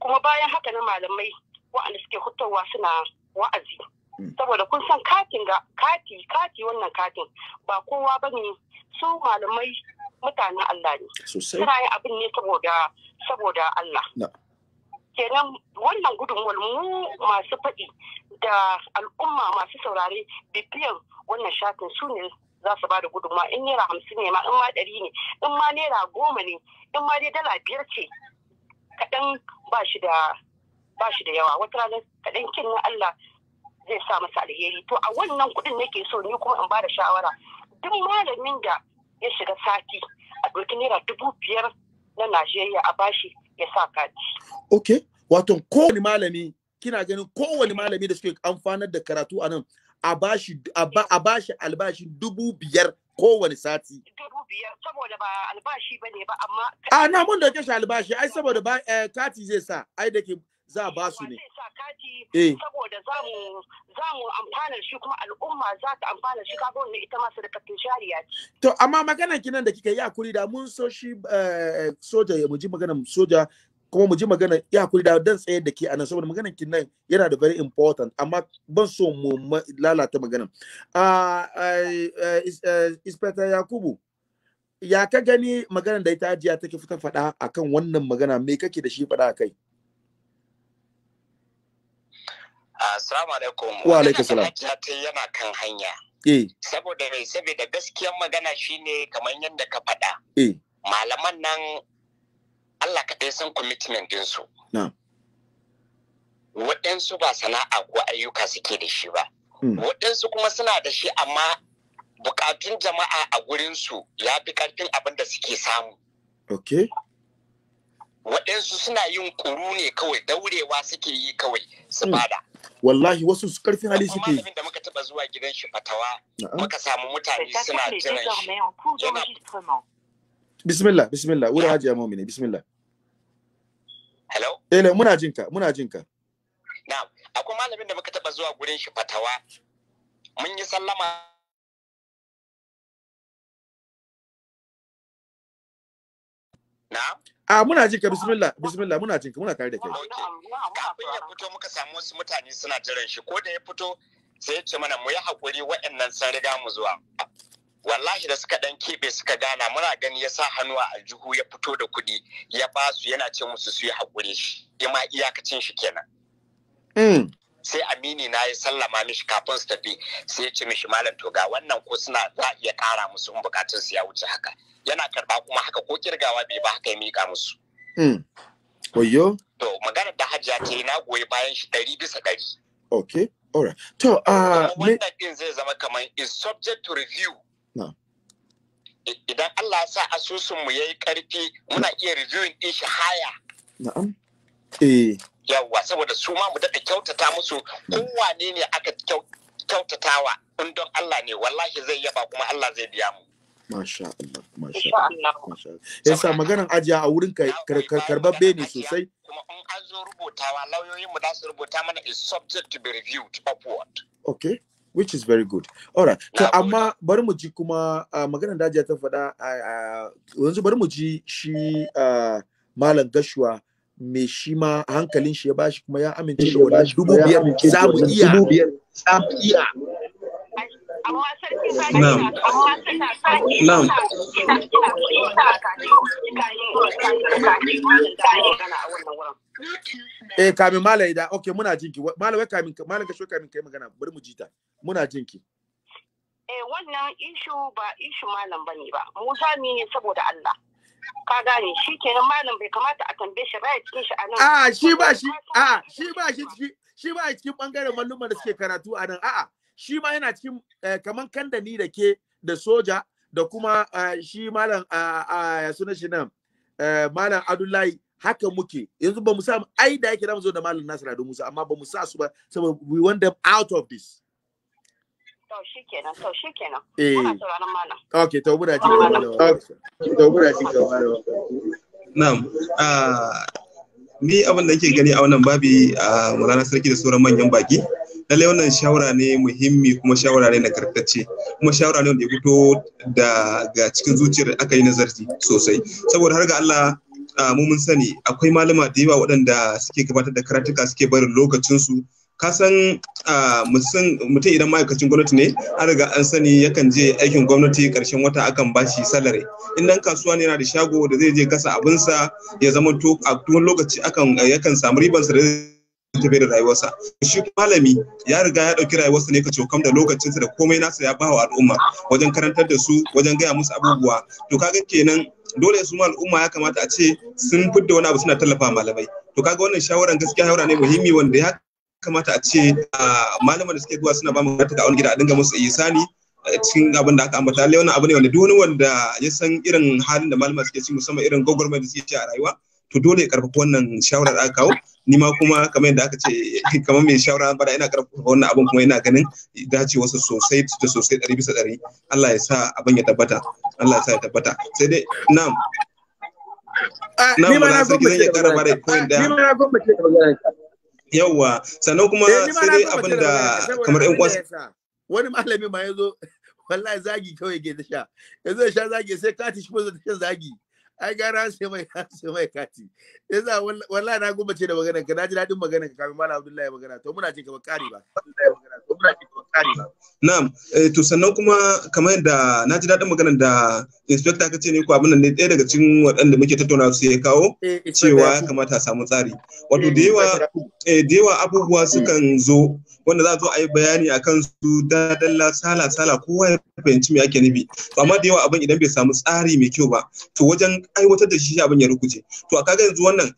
kuma bayan haka na malamai wa'anda suke hutawa suna wa'azi mm. saboda kun san katin ga kati kati wannan katin ba kowa ba ne su malamai mutanen Allah ne suna yin abin ne saboda Allah kenan wannan gudunmuwar mu masu faɗi da al'umma masu saurare bibiyan wannan shafin su ne za su ba da gudunmuwa in naira hamsin ne ma in ma ɗari ne in ma naira goma ne in ma dai dala biyar ce kaɗan ba shi da yawa wata ranar kaɗan kin na Allah zai sa masa alheri to a wannan kuɗin nake so ni kuma in ba da shawara duk malamin da ya shiga sati a ɗauki naira dubu biyar na Najeriya a bashi ya sa kati.
Ok, wato kowane malami kina ganin kowane malami da suke amfanar da karatu a nan a bashi bashi albashin dubu biyar kowane sati.
Dubu biyar saboda ba albashi ne ba amma. A na mun
da kashe albashi ai saboda ba eh, kati zai sa ai da ke za a eh, ba su ne
eh. saboda za mu amfana shi kuma al'umma za ta amfana shi kaga wannan ita ma sadakatin shari'a ce
to amma magana kinan da kika yi hakuri da mun so shi eh, soja ya muji maganar soja kuma mu ji magana ya kuri da dan tsayar da ke anan saboda maganar kin nan yana da very important amma ban so mu lalata maganar uh, ah, inspector yakubu ya ka gani maganar da ita ajiya take fita faɗa akan wannan magana me kake da shi faɗa kai?
Assalamu alaikum. Wa alaikum salam. yana kan hanya. Eh. Saboda mai saboda gaskiyar magana shine kamar yadda ka faɗa. Eh. Malaman nan Allah kaɗai san commitment din su, Waɗansu ba sana'a ko ayyuka suke da shi ba. Hmm. Waɗansu kuma suna da shi amma bukatun jama'a a gurinsu ya fi ƙarfin abin da suke samu. Okay. waɗansu suna yin kuru ne kawai daurewa suke yi
kawai su hmm. bada wallahi wasu su karfin hali suke yi da muka taɓa zuwa gidan shi fatawa muka
samu mutane suna jiran shi
bismillah bismillah wurin hajiya mu'mini bismillah hello eh muna jinka muna jinka
na'am akwai malamin da muka taɓa zuwa gurin shi fatawa mun yi sallama
na'am a ah, muna jinka bismillah bismillah muna jinka muna tare da kai kafin ya fito muka samu wasu
mutane suna jiran shi ko da ya fito sai ya ce mana mu yi hakuri waɗannan sun riga mu zuwa wallahi da suka dan keɓe suka gana muna gani ya sa hannu a aljihu ya fito da kuɗi ya basu yana ce musu su yi hakuri, shi ma iyakacin shi kenan. Hmm. sai amini na ya sallama mishi kafin su tafi sai ya ce mishi malam to ga wannan ko suna za iya kara musu in bukatun su ya wuce haka yana karba kuma haka ko kirgawa bai ba haka ya mika musu Oyo? Hmm. To, magana da hajiya ta yi na goyi bayan shi ɗari bisa ɗari.
Okay, alright. To, uh, wannan ɗin zai
zama kamar is subject to review. Idan Allah ya sa asusunmu ya yi ƙarfi, muna iya reviewing ɗin shi haya.
Na'am. Eh.
yawwa saboda su ma mu daɗa kyautata musu kowane ne aka kyautatawa in don Allah ne wallahi zai yaba kuma Allah zai biya mu
Masha Allah,
masha Allah.
Yasa maganan ajiya a wurin karbabbe ne sosai. Kuma in an zo rubutawa lauyoyin mu za su rubuta mana is subject to be reviewed upward. Okay. which is very good. Alright, Ta amma bari mu ji kuma maganar da ta faɗa yanzu bari mu ji shi Malam Gashuwa me shi ma hankalin shi ya bashi kuma ya amince da wannan dubu biyar za mu iya za mu iya
Na'am. Na'am.
Eh kamin malai da okay muna jinki malai kamin malai kasho kamin kai magana bari mu jita muna jinki
eh wannan issue ba issue malam bane ba musa ne saboda Allah ka gane shi kenan malam bai kamata a tambaye shi baya cikin shi a nan a shi ba
shi a shi ba shi shi ba cikin bangaren malluman da suke karatu a nan a'a shi ma yana cikin eh, kaman kandani da ke da soja da kuma eh, shi malam a suna shi nan eh, malam Abdullahi haka muke yanzu ba mu sa ai da yake da mu zo da malam nasiru Ado Musa amma ba mu sa su ba saboda we want them out of this
ni abin da nake gani a wannan babi a mulana sarki da sauran manyan baki lallai wannan shawara ne muhimmi kuma shawara ne na karkace kuma shawara ne wanda ya fito daga cikin zuciyar aka yi nazarci sosai saboda har ga Allah ah, mu mun sani akwai malama da yawa waɗanda suke gabatar da karatuka suke barin lokacinsu ka san mutum idan ma'aikacin gwamnati ne an riga an sani yakan je aikin gwamnati karshen wata akan bashi salari in dan kasuwa ne yana da shago da zai je kasa abinsa ya zama to a tuwon lokaci akan yakan samu ribansa da zai tafi da rayuwarsa shi malami ya riga ya ɗauki rayuwarsa ne ka cokam da lokacinsa da komai nasa ya bawa al'umma wajen karantar da su wajen gaya musu abubuwa to kaga kenan dole su al'umma ya kamata a ce sun fidda wani abu suna tallafa malamai to kaga wannan shawaran gaskiya shawara ne muhimmi wanda ya kamata a ce malaman da suke zuwa suna ba mu gata a wani gida a dinga musu isani cikin abin da aka ambata lai wani abu ne wanda duk wani wanda ya san irin halin da malama suke ci musamman irin gwagwarmar da suke ci a rayuwa to dole ya karfafa wannan shawarar aka kawo ni ma kuma kamar yadda aka ce kamar mai shawara bada ina karfafa wannan abin kuma ina ganin dace wasu sosai da sosai ɗari bisa ɗari Allah ya sa abin ya tabbata Allah ya sa ya tabbata sai dai na'am
ah, na'am ba na sarki zan iya kara bada koyin da
yawa sannan kuma eh, sai dai abin da kamar yan kwasa
wani malami ma yazo wallahi zagi kawai ke ta sha yazo sha zagi sai ka tishi ko ta zagi ai gara sai mai sai mai kati yasa wallahi na gumbace da maganar ka na ji dadin maganar ka kafin malam abdullahi magana to muna jin ka kari ba
na'am eh to sannan kuma kamar yadda na ji dadin maganar da inspector ka ce ne ko abin nan ne ɗaya daga cikin waɗanda muke tattauna su ya kawo eh, cewa ya kamata a samu tsari wato da eh, yawa eh, da yawa abubuwa sukan zo wanda za a zo a yi bayani a kan su dadalla sala sala kowa ya fahimci me ake nufi to amma da yawa abin idan bai samu tsari mai kyau ba to wajen aiwatar da shi abin ya rukuce to a kaga yanzu wannan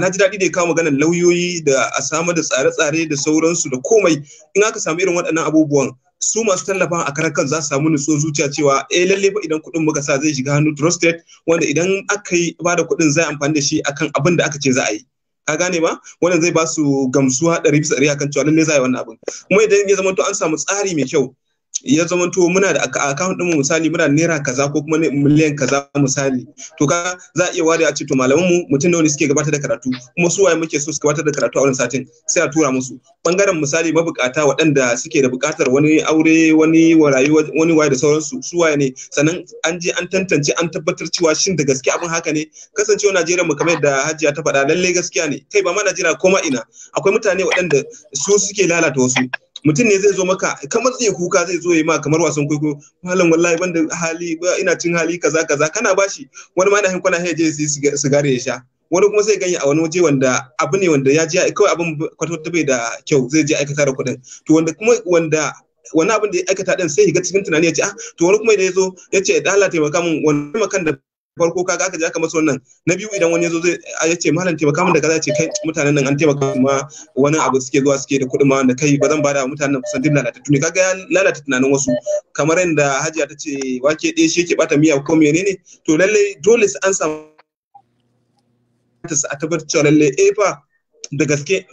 na ji daɗi da ya kawo maganar lauyoyi da a samar da tsare-tsare da sauransu da komai in aka samu irin waɗannan abubuwan su masu tallafa a karan kan za su samu nutsuwar zuciya cewa eh lalle fa idan kuɗin muka sa zai shiga hannu trusted wanda idan aka yi ba da kuɗin za amfani da shi akan abin da aka ce za a yi ka gane ba wannan zai ba su gamsuwa ɗari bisa ɗari akan cewa ne za a yi wannan abin kuma idan ya zama to an samu tsari mai kyau ya zama zamanto muna da account din misali muna naira kaza ko kuma miliyan kaza misali to ka za a iya ware a ce to malaman mu mutum nawa ne suke gabatar da karatu kuma su waye muke so su gabatar da karatu a wannan satin sai a tura musu bangaren misali mabukata waɗanda suke da bukatar wani aure wani wani waye da sauransu su waye ne sannan an je an tantance an tabbatar cewa shin da gaske abin haka ne kasancewa Najeriya mu kamar yadda Hajiya ta faɗa lalle gaskiya ne kai ba ma Najeriya ko ma ina akwai mutane waɗanda su suke lalata wasu mutum ne zai zo maka kamar zai kuka zai zo ya ma kamar wasan kwaikwayo malam wallahi ban da hali ina cin hali kaza kaza kana bashi wani ma na hin kwana ya je sai sigari ya sha wani kuma sai ganye a wani waje wanda abu ne wanda ya je kawai abin kwatanta bai da kyau zai je aikata da kuɗin to wanda kuma wanda wani abin da ya aikata din sai ya ga cikin tunani ya ce ah to wani kuma da ya zo ya ce da Allah taimaka min wani makan da farko kaga aka je aka wannan na biyu idan wani zo zai ya ce malam taimaka min da kaza ce kai mutanen nan an taimaka ma wani abu suke zuwa suke da kuɗi ma da kai ba zan bada mutanen nan kusan dinna lalata ne kaga ya lalata tunanin wasu kamar yadda hajiya ta ce wake ɗaya shi yake bata miya ko menene to lallai dole su an samu a tabbatar cewa lallai eh fa da gaske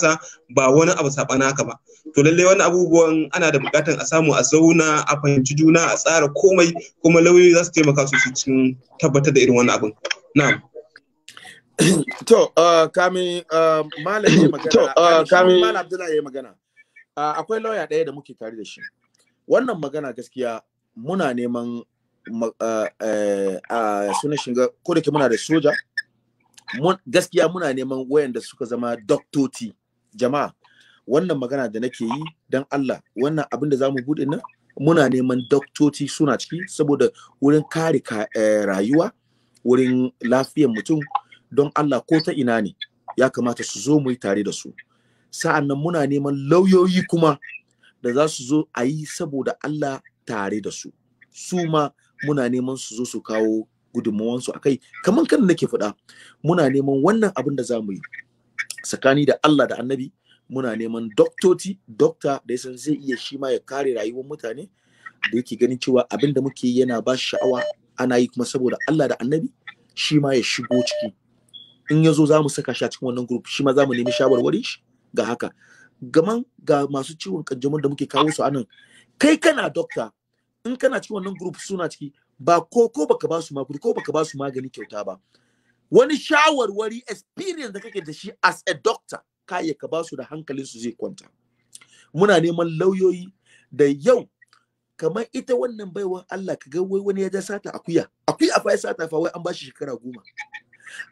sa ba wani abu saɓana haka ba to lallai wani abubuwan ana da buƙatar a samu a zauna a fahimci juna a tsara komai kuma lauyoyi za su taimaka su cikin tabbatar da irin wani abin na'am
to uh, kami uh, malam ya magana to uh, kami malam abdullahi ya magana akwai lawyer ɗaya da muke tare da shi wannan magana gaskiya muna neman a sunan shiga ko da ke muna da soja gaskiya muna neman wayanda suka zama doktoti jama'a wannan magana da nake yi don Allah wannan abin da zamu buɗe nan muna neman doktoci suna ciki saboda wurin kare eh, rayuwa wurin lafiyar mutum don Allah ko ta ina ne ya kamata su zo mu yi tare da su sa'an nan muna neman lauyoyi kuma da za su zo a yi saboda Allah tare da su su ma muna neman su zo su kawo gudunmawansu a kai kamar kan nake faɗa muna neman wannan abin da za mu yi tsakani da Allah da annabi muna neman doktoti dokta da ya san zai iya shi ma ya kare rayuwar mutane da yake ganin cewa abin da muke yana ba sha'awa ana yi kuma saboda Allah da annabi shi ma ya shigo ciki in ya zo za mu saka shi a cikin wannan group shi ma za mu nemi shawarwarin ga haka gaman ga masu ciwon kanjamau da muke kawo su anan kai kana dokta in kana cikin wannan group suna ciki ba ko ko baka ba su magani ko baka ba su magani kyauta ba wani shawarwari experience da kake da shi as a doctor kaya ka basu da hankalin su zai kwanta muna neman lauyoyi da yau kamar ita wannan baiwan Allah ka ga wai wani ya ja sata akuya akuya fa ya sata fa wai an ba shi shekara goma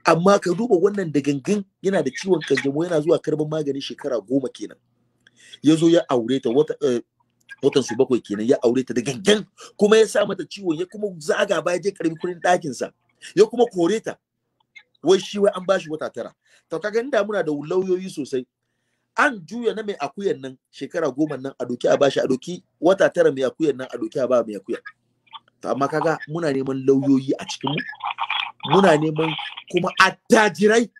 amma ka duba wannan da gangan yana da ciwon kanjamo yana zuwa karban magani shekara goma kenan ya zo ya aure ta wata eh, watan su bakwai kenan ya aure ta da gangan kuma ya sa mata ciwon ya kuma zaga ba ya je karbi kudin ɗakin sa ya kuma kore ta wai shi wai an bashi wata tara to kaga inda muna da lauyoyi sosai an juya na mai akuyan nan shekara goma nan a doki a bashi a doki wata tara mai akuyan nan a doki a ba mai akuyan to amma kaga muna neman lauyoyi a cikin mu muna neman kuma attajirai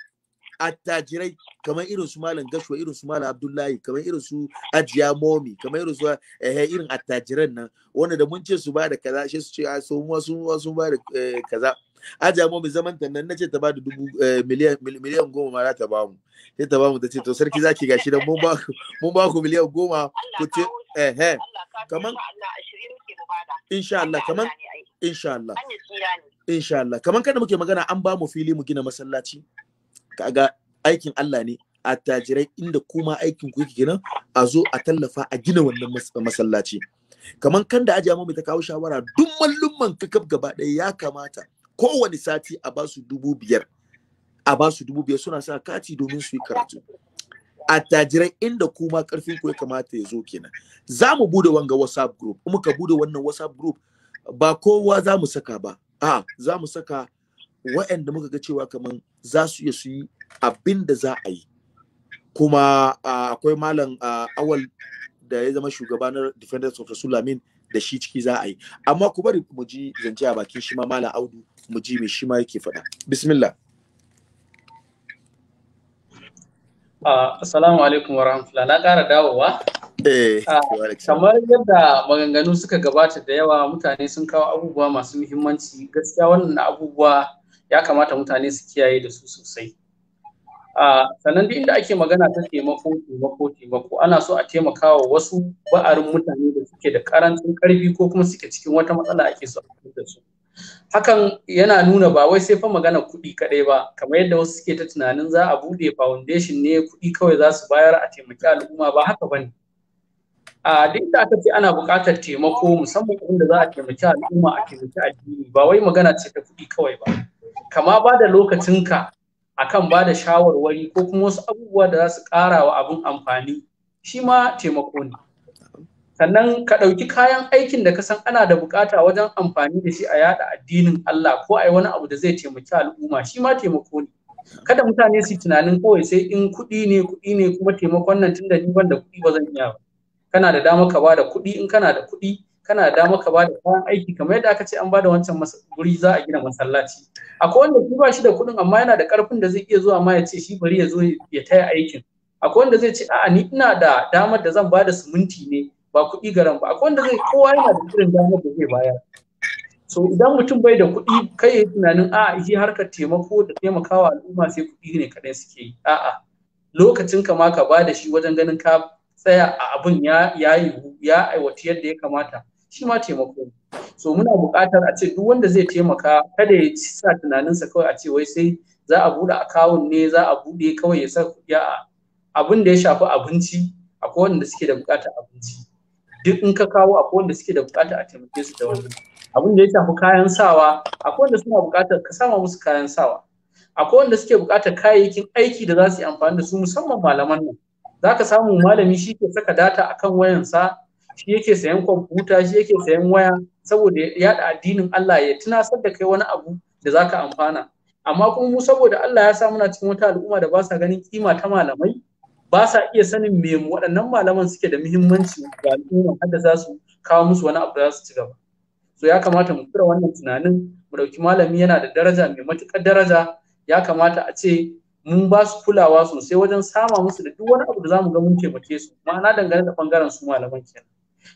attajirai kamar irin su malam gashwa irin su malam abdullahi kamar irin su ajiya momi kamar irin su eh irin attajiran nan wanda da mun ce su ba da kaza sai su ce a ah, so wasu wasu ba da eh, kaza aja mu mai zaman tannan nace ta ba da dubu eh, miliyan miliyan goma ma za ta ba mu sai ta ba mu ta ce to sarki zaki gashi dan mun ba ku mun ba ku miliyan goma ku ce eh eh kaman
insha Allah kaman
insha Allah insha Allah kaman kada muke magana an ba mu fili mu gina masallaci kaga aikin Allah ne attajirai inda kuma aikin ku yake gina a zo a tallafa a gina wannan masallaci kaman kan da ajiya mai ta kawo shawara duk mallumman ka kaf gaba ɗaya ya kamata kowane sati a ba su dubu biyar a ba su dubu biyar suna sa kati domin su yi karatu attajirai inda kuma karfin ku ya kamata ya zo kenan za mu bude wanga whatsapp group in ka bude wannan whatsapp group ba kowa za mu saka ba a za mu saka wa'anda muka ga cewa kaman za su iya su yi abin da za a yi kuma akwai malam awal da ya zama shugaba na defenders of rasulamin da shi ciki za a yi amma ku bari mu ji zance a bakin shi ma malam audu mu ji me shi ma yake faɗa bismillah
ah, Assalamu alaikum wa rahmatullah. Na ƙara dawowa. Eh, ah, kamar yadda maganganu suka gabata da yawa mutane sun kawo abubuwa masu muhimmanci gaskiya wannan abubuwa ya kamata mutane su kiyaye da su sosai. sannan duk inda ake magana ta taimako taimako taimako ana so a taimakawa wasu ba'arin mutane da suke da karancin karfi ko kuma suke cikin wata matsala ake so a da su hakan yana nuna ba wai sai fa magana kuɗi kaɗai ba kamar yadda wasu suke ta tunanin za a buɗe foundation ne kuɗi kawai za su bayar a taimaki al'umma ba haka bane, ne a duk da aka ce ana buƙatar taimako musamman inda za a taimaki al'umma a taimaki addini ba wai magana ce ta kuɗi kawai ba kama ba da lokacinka akan ba da shawarwari ko kuma wasu abubuwa da za su ƙara wa abin amfani shi ma taimako ne sannan ka ɗauki kayan aikin da ka san ana da bukata wajen amfani da shi a yada addinin Allah ko a yi wani abu da zai taimaki al'umma shi ma taimako ne kada mutane su tunanin kawai sai in kuɗi ne kuɗi ne kuma taimakon nan tun da ni ban da kuɗi ba zan iya ba kana da dama ka ba da kuɗi in kana da kuɗi kana da dama ka bada kayan aiki kamar yadda aka ce an bada wancan guri za a gina masallaci akwai wanda shi ba shi da kuɗin amma yana da ƙarfin da zai iya zuwa ma ya ce shi bari ya zo ya taya aikin akwai wanda zai ce a'a ni ina da damar da zan bada siminti ne ba kuɗi garan ba akwai wanda zai kowa yana da irin damar da zai bayar so idan mutum bai da kuɗi kai ya tunanin a'a shi harkar taimako da taimakawa al'umma sai kuɗi ne kaɗai suke yi a'a lokacin ka ma ka bada shi wajen ganin ka tsaya a abun ya ya ya aiwatu yadda ya kamata shi ma taimako so muna buƙatar a ce duk wanda zai taimaka kada ya sa tunaninsa kawai a ce wai sai za a buɗe akawun ne za a buɗe kawai ya sa ya abin da ya shafi abinci akwai wanda suke da buƙatar abinci duk in ka kawo akwai wanda suke da buƙatar a taimake su da wannan abin da ya shafi kayan sawa akwai wanda suna buƙatar ka sama musu kayan sawa akwai wanda suke buƙatar kayayyakin aiki da za su yi amfani da su musamman malaman nan za ka samu malami shi ke saka data akan wayansa shi yake sayan kwamfuta shi yake sayan waya saboda ya da addinin Allah ya tunasar da kai wani abu da zaka amfana amma kuma mu saboda Allah ya sa muna cikin wata al'umma da ba sa ganin kima ta malamai ba sa iya sanin me waɗannan malaman suke da muhimmanci ga al'umma har da za su kawo musu wani abu da za su ci gaba so ya kamata mu kira wannan tunanin mu dauki malami yana da daraja mai matuƙar daraja ya kamata a ce mun ba su kulawa sosai wajen sama musu da duk wani abu da za mu ga mun taimake su ma'ana dangane da bangaren su malaman kenan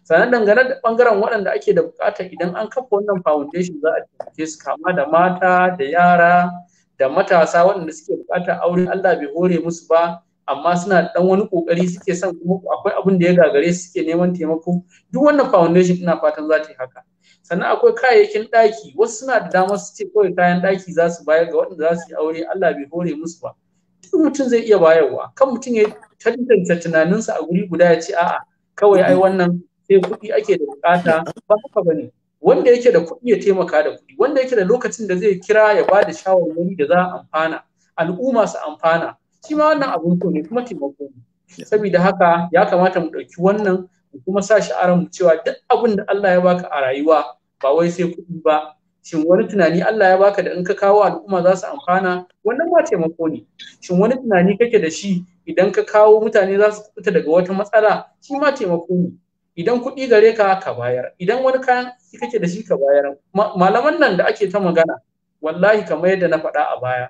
sannan dangane da bangaren waɗanda ake da bukata idan an kafa wannan foundation za a taimake su kama da mata da yara da matasa waɗanda suke bukata aure Allah bai hore musu ba amma suna dan wani kokari suke son kuma akwai abin da ya gagare su suke neman taimako duk wannan foundation ina fatan za ta yi haka sannan akwai kayayyakin ɗaki wasu suna da damar su ce kawai kayan ɗaki za su bayar ga waɗanda za su yi aure Allah bai hore musu ba duk mutum zai iya bayarwa kan mutum ya tantance tunaninsa a guri guda ya ce a'a kawai ai wannan sai kuɗi ake da bukata ba haka ba ne wanda yake da kuɗi ya taimaka da kuɗi wanda yake da lokacin da zai kira ya ba da shawarwari da za a amfana al'umma su amfana shi ma wannan abun ko ne kuma taimako ne saboda haka ya kamata mu ɗauki wannan mu kuma sa shi mu cewa duk abin da Allah ya baka a rayuwa ba wai sai kuɗi ba shin wani tunani Allah ya baka da in ka kawo al'umma za su amfana wannan ma taimako ne shin wani tunani kake da shi idan ka kawo mutane za su fita daga wata matsala shi ma taimako ne idan kuɗi gare ka ka bayar idan wani kayan kake da shi ka bayar malaman nan da ake ta magana wallahi kamar yadda na faɗa a baya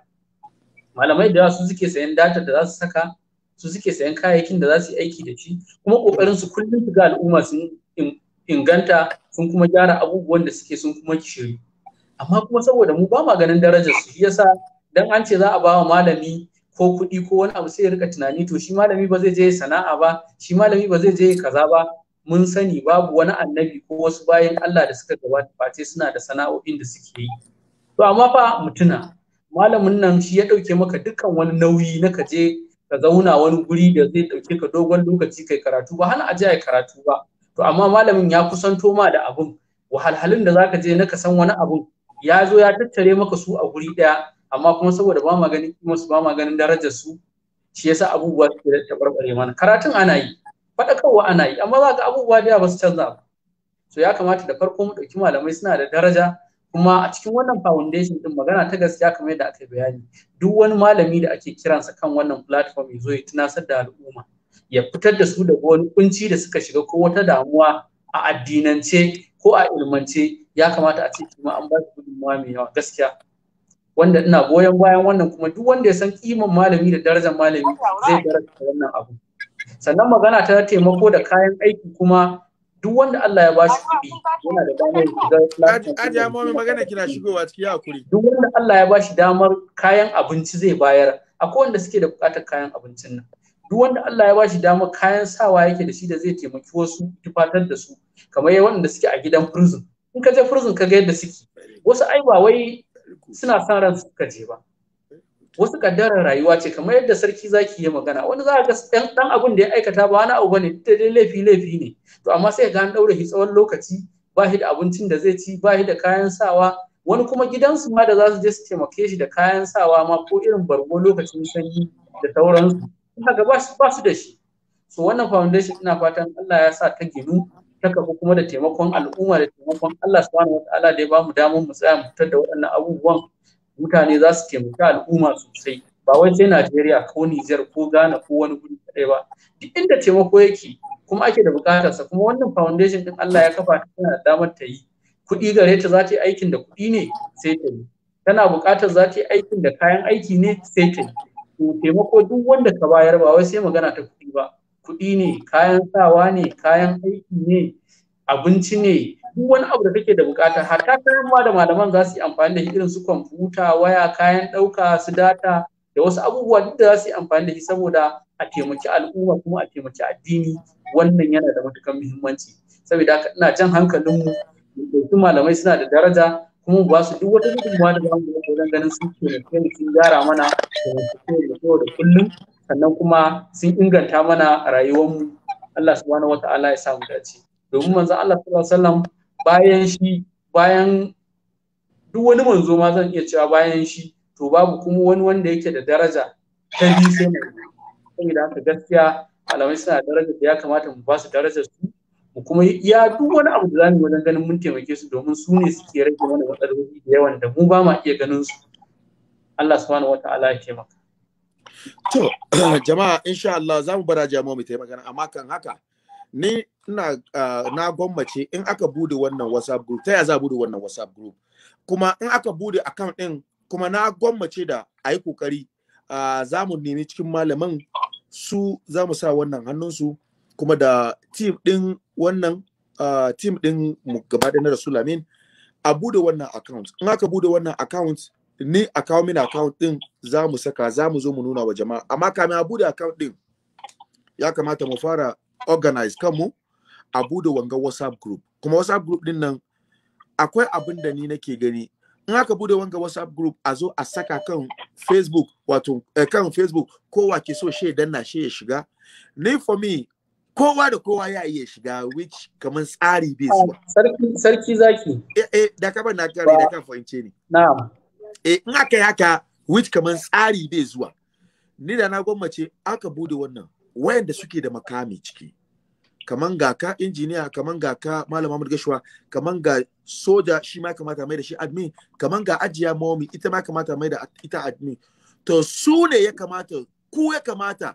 malamai da su suke sayan data da za su saka su suke sayan kayayyakin da za su yi aiki da shi kuma kokarin su kullum su ga al'umma sun inganta sun kuma gyara abubuwan da suke sun kuma kishiri amma kuma saboda mu ba ma ganin darajar su yasa dan an ce za a ba wa malami ko kuɗi ko wani abu sai ya rika tunani to shi malami ba zai je sana'a ba shi malami ba zai je kaza ba mun sani babu wani annabi ko wasu bayan Allah da suka gabata face suna da sana'o'in da suke yi to amma fa mutuna malamin nan shi ya ɗauke maka dukkan wani nauyi na ka ka zauna wani guri da zai dauke ka dogon lokaci kai karatu ba hana aje karatu ba to amma malamin ya kusanto ma da abun wahalhalun da zaka je na ka san wani abun ya zo ya tattare maka su a guri ɗaya. amma kuma saboda ba ma ganin kuma su ba ma ganin darajar su shi yasa abubuwa suke da tabarbare mana karatun ana yi faɗakarwa ana yi amma za ga abubuwa da ba su canza ba so ya kamata da farko mu ɗauki malamai suna da daraja kuma a cikin wannan foundation din magana ta gaskiya kamar yadda aka bayani duk wani malami da ake kiransa kan wannan platform ya zo ya tunasar da al'umma ya fitar da su daga wani kunci da suka shiga ko wata damuwa a addinance ko a ilmance ya kamata a ce kuma an ba su gudunmawa mai yawa gaskiya wanda ina goyon bayan wannan kuma duk wanda ya san kiman malami da darajar malami zai daraja wannan abu sannan magana ta taimako da kayan aiki kuma duk wanda Allah ya bashi kuɗi yana da damar shiga magana kina shigowa cikin hakuri duk wanda Allah ya bashi damar kayan abinci zai bayar akwai wanda suke da buƙatar kayan abincin nan duk wanda Allah ya bashi damar kayan sawa yake da shi da zai taimaki wasu tufatar da su kamar wanda suke a gidan prison in ka je prison ka ga yadda suke wasu ai ba wai suna san ran suka je ba wasu kaddarar rayuwa ce kamar yadda sarki zaki ya magana wani za ga dan dan abin da ya aikata ba wani abu bane da dai laifi laifi ne to amma sai ga an daure shi tsawon lokaci ba shi da abincin da zai ci ba shi da kayan sawa wani kuma gidansu ma da za su je su taimake shi da kayan sawa ma ko irin bargo lokacin sanyi da sauransu kaga ba su ba su da shi so wannan foundation ina fatan Allah ya sa ta ginu ta kafa kuma da taimakon al'umma da taimakon Allah subhanahu wataala da ya bamu damar mu tsaya mu fitar da waɗannan abubuwan mutane za su taimaka al'umma sosai ba wai sai Najeriya ko Nijar ko Ghana ko wani guri kadai ba duk inda taimako yake kuma ake da bukatarsa kuma wannan foundation din Allah ya kafa ta tana da damar ta yi kuɗi gare ta za ta yi aikin da kuɗi ne sai ta yi tana bukatar za ta yi aikin da kayan aiki ne sai ta yi Ko taimako duk wanda ka bayar ba wai sai magana ta kuɗi ba kuɗi ne kayan sawa ne kayan aiki ne abinci ne duk wani abu da kake da bukata ta kayan ma da malaman za su yi amfani da shi irin su kwamfuta waya kayan ɗauka su data da wasu abubuwa duk da za su yi amfani da shi saboda a taimaki al'umma kuma a taimaki addini wannan yana da matukar muhimmanci saboda haka ina jan hankalin mu su malamai suna da daraja kuma ba su duk wata gudunmawa da za mu yi wajen ganin sun taimake sun gyara mana da da kullum sannan kuma sun inganta mana rayuwarmu Allah subhanahu wa ta'ala ya samu dace domin manzon Allah sallallahu alaihi wasallam bayan shi bayan duk wani manzo ma zan iya cewa bayan shi to babu kuma wani wanda yake da daraja ta biyu sai saboda haka gaskiya malamai suna daraja da ya kamata mu ba su darajar su mu kuma iya duk wani abu da zamu wajen ganin mun taimake su domin su ne suke rage mana matsaloli da yawan da mu ba ma iya ganin su Allah subhanahu wataala ya taimaka
to jama'a insha Allah za mu bara jama'a mu taimaka amma kan haka ni ina ah, na gwammace in aka bude wannan whatsapp group ta ya za bude wannan whatsapp group kuma in aka bude account din kuma na gwammace da a yi kokari ah, za mu nemi cikin malaman su za mu sa wannan hannunsu kuma da team din wannan ah, team din mu gaba na rasul amin a bude wannan account in aka bude wannan account ni a kawo mini account din za mu saka za mu zo mu nuna wa jama'a amma kamin a bude account din ya kamata mu fara organize kanmu a bude wanga whatsapp group kuma whatsapp group din nan akwai abin da ni nake gani in aka bude wanga whatsapp group a zo a saka kan facebook wato eh, kan facebook kowa ke so she danna she ya shiga ni for me kowa da kowa ya iya shiga which kamar tsari bai ah, zuwa sarki sarki zaki eh eh da ka ban na kare da ka fahimce ni na'am eh in aka yi haka which kamar tsari bai zuwa ni da na gwammace aka bude wannan wayanda suke da makami ciki kaman ga ka injiniya kaman ga ka Malama Muhammad Gashuwa kaman ga soja shi ma kamata mai da shi admin kaman ga ajiya momi ita ma kamata mai da ita admin to su ne ya kamata ku ya kamata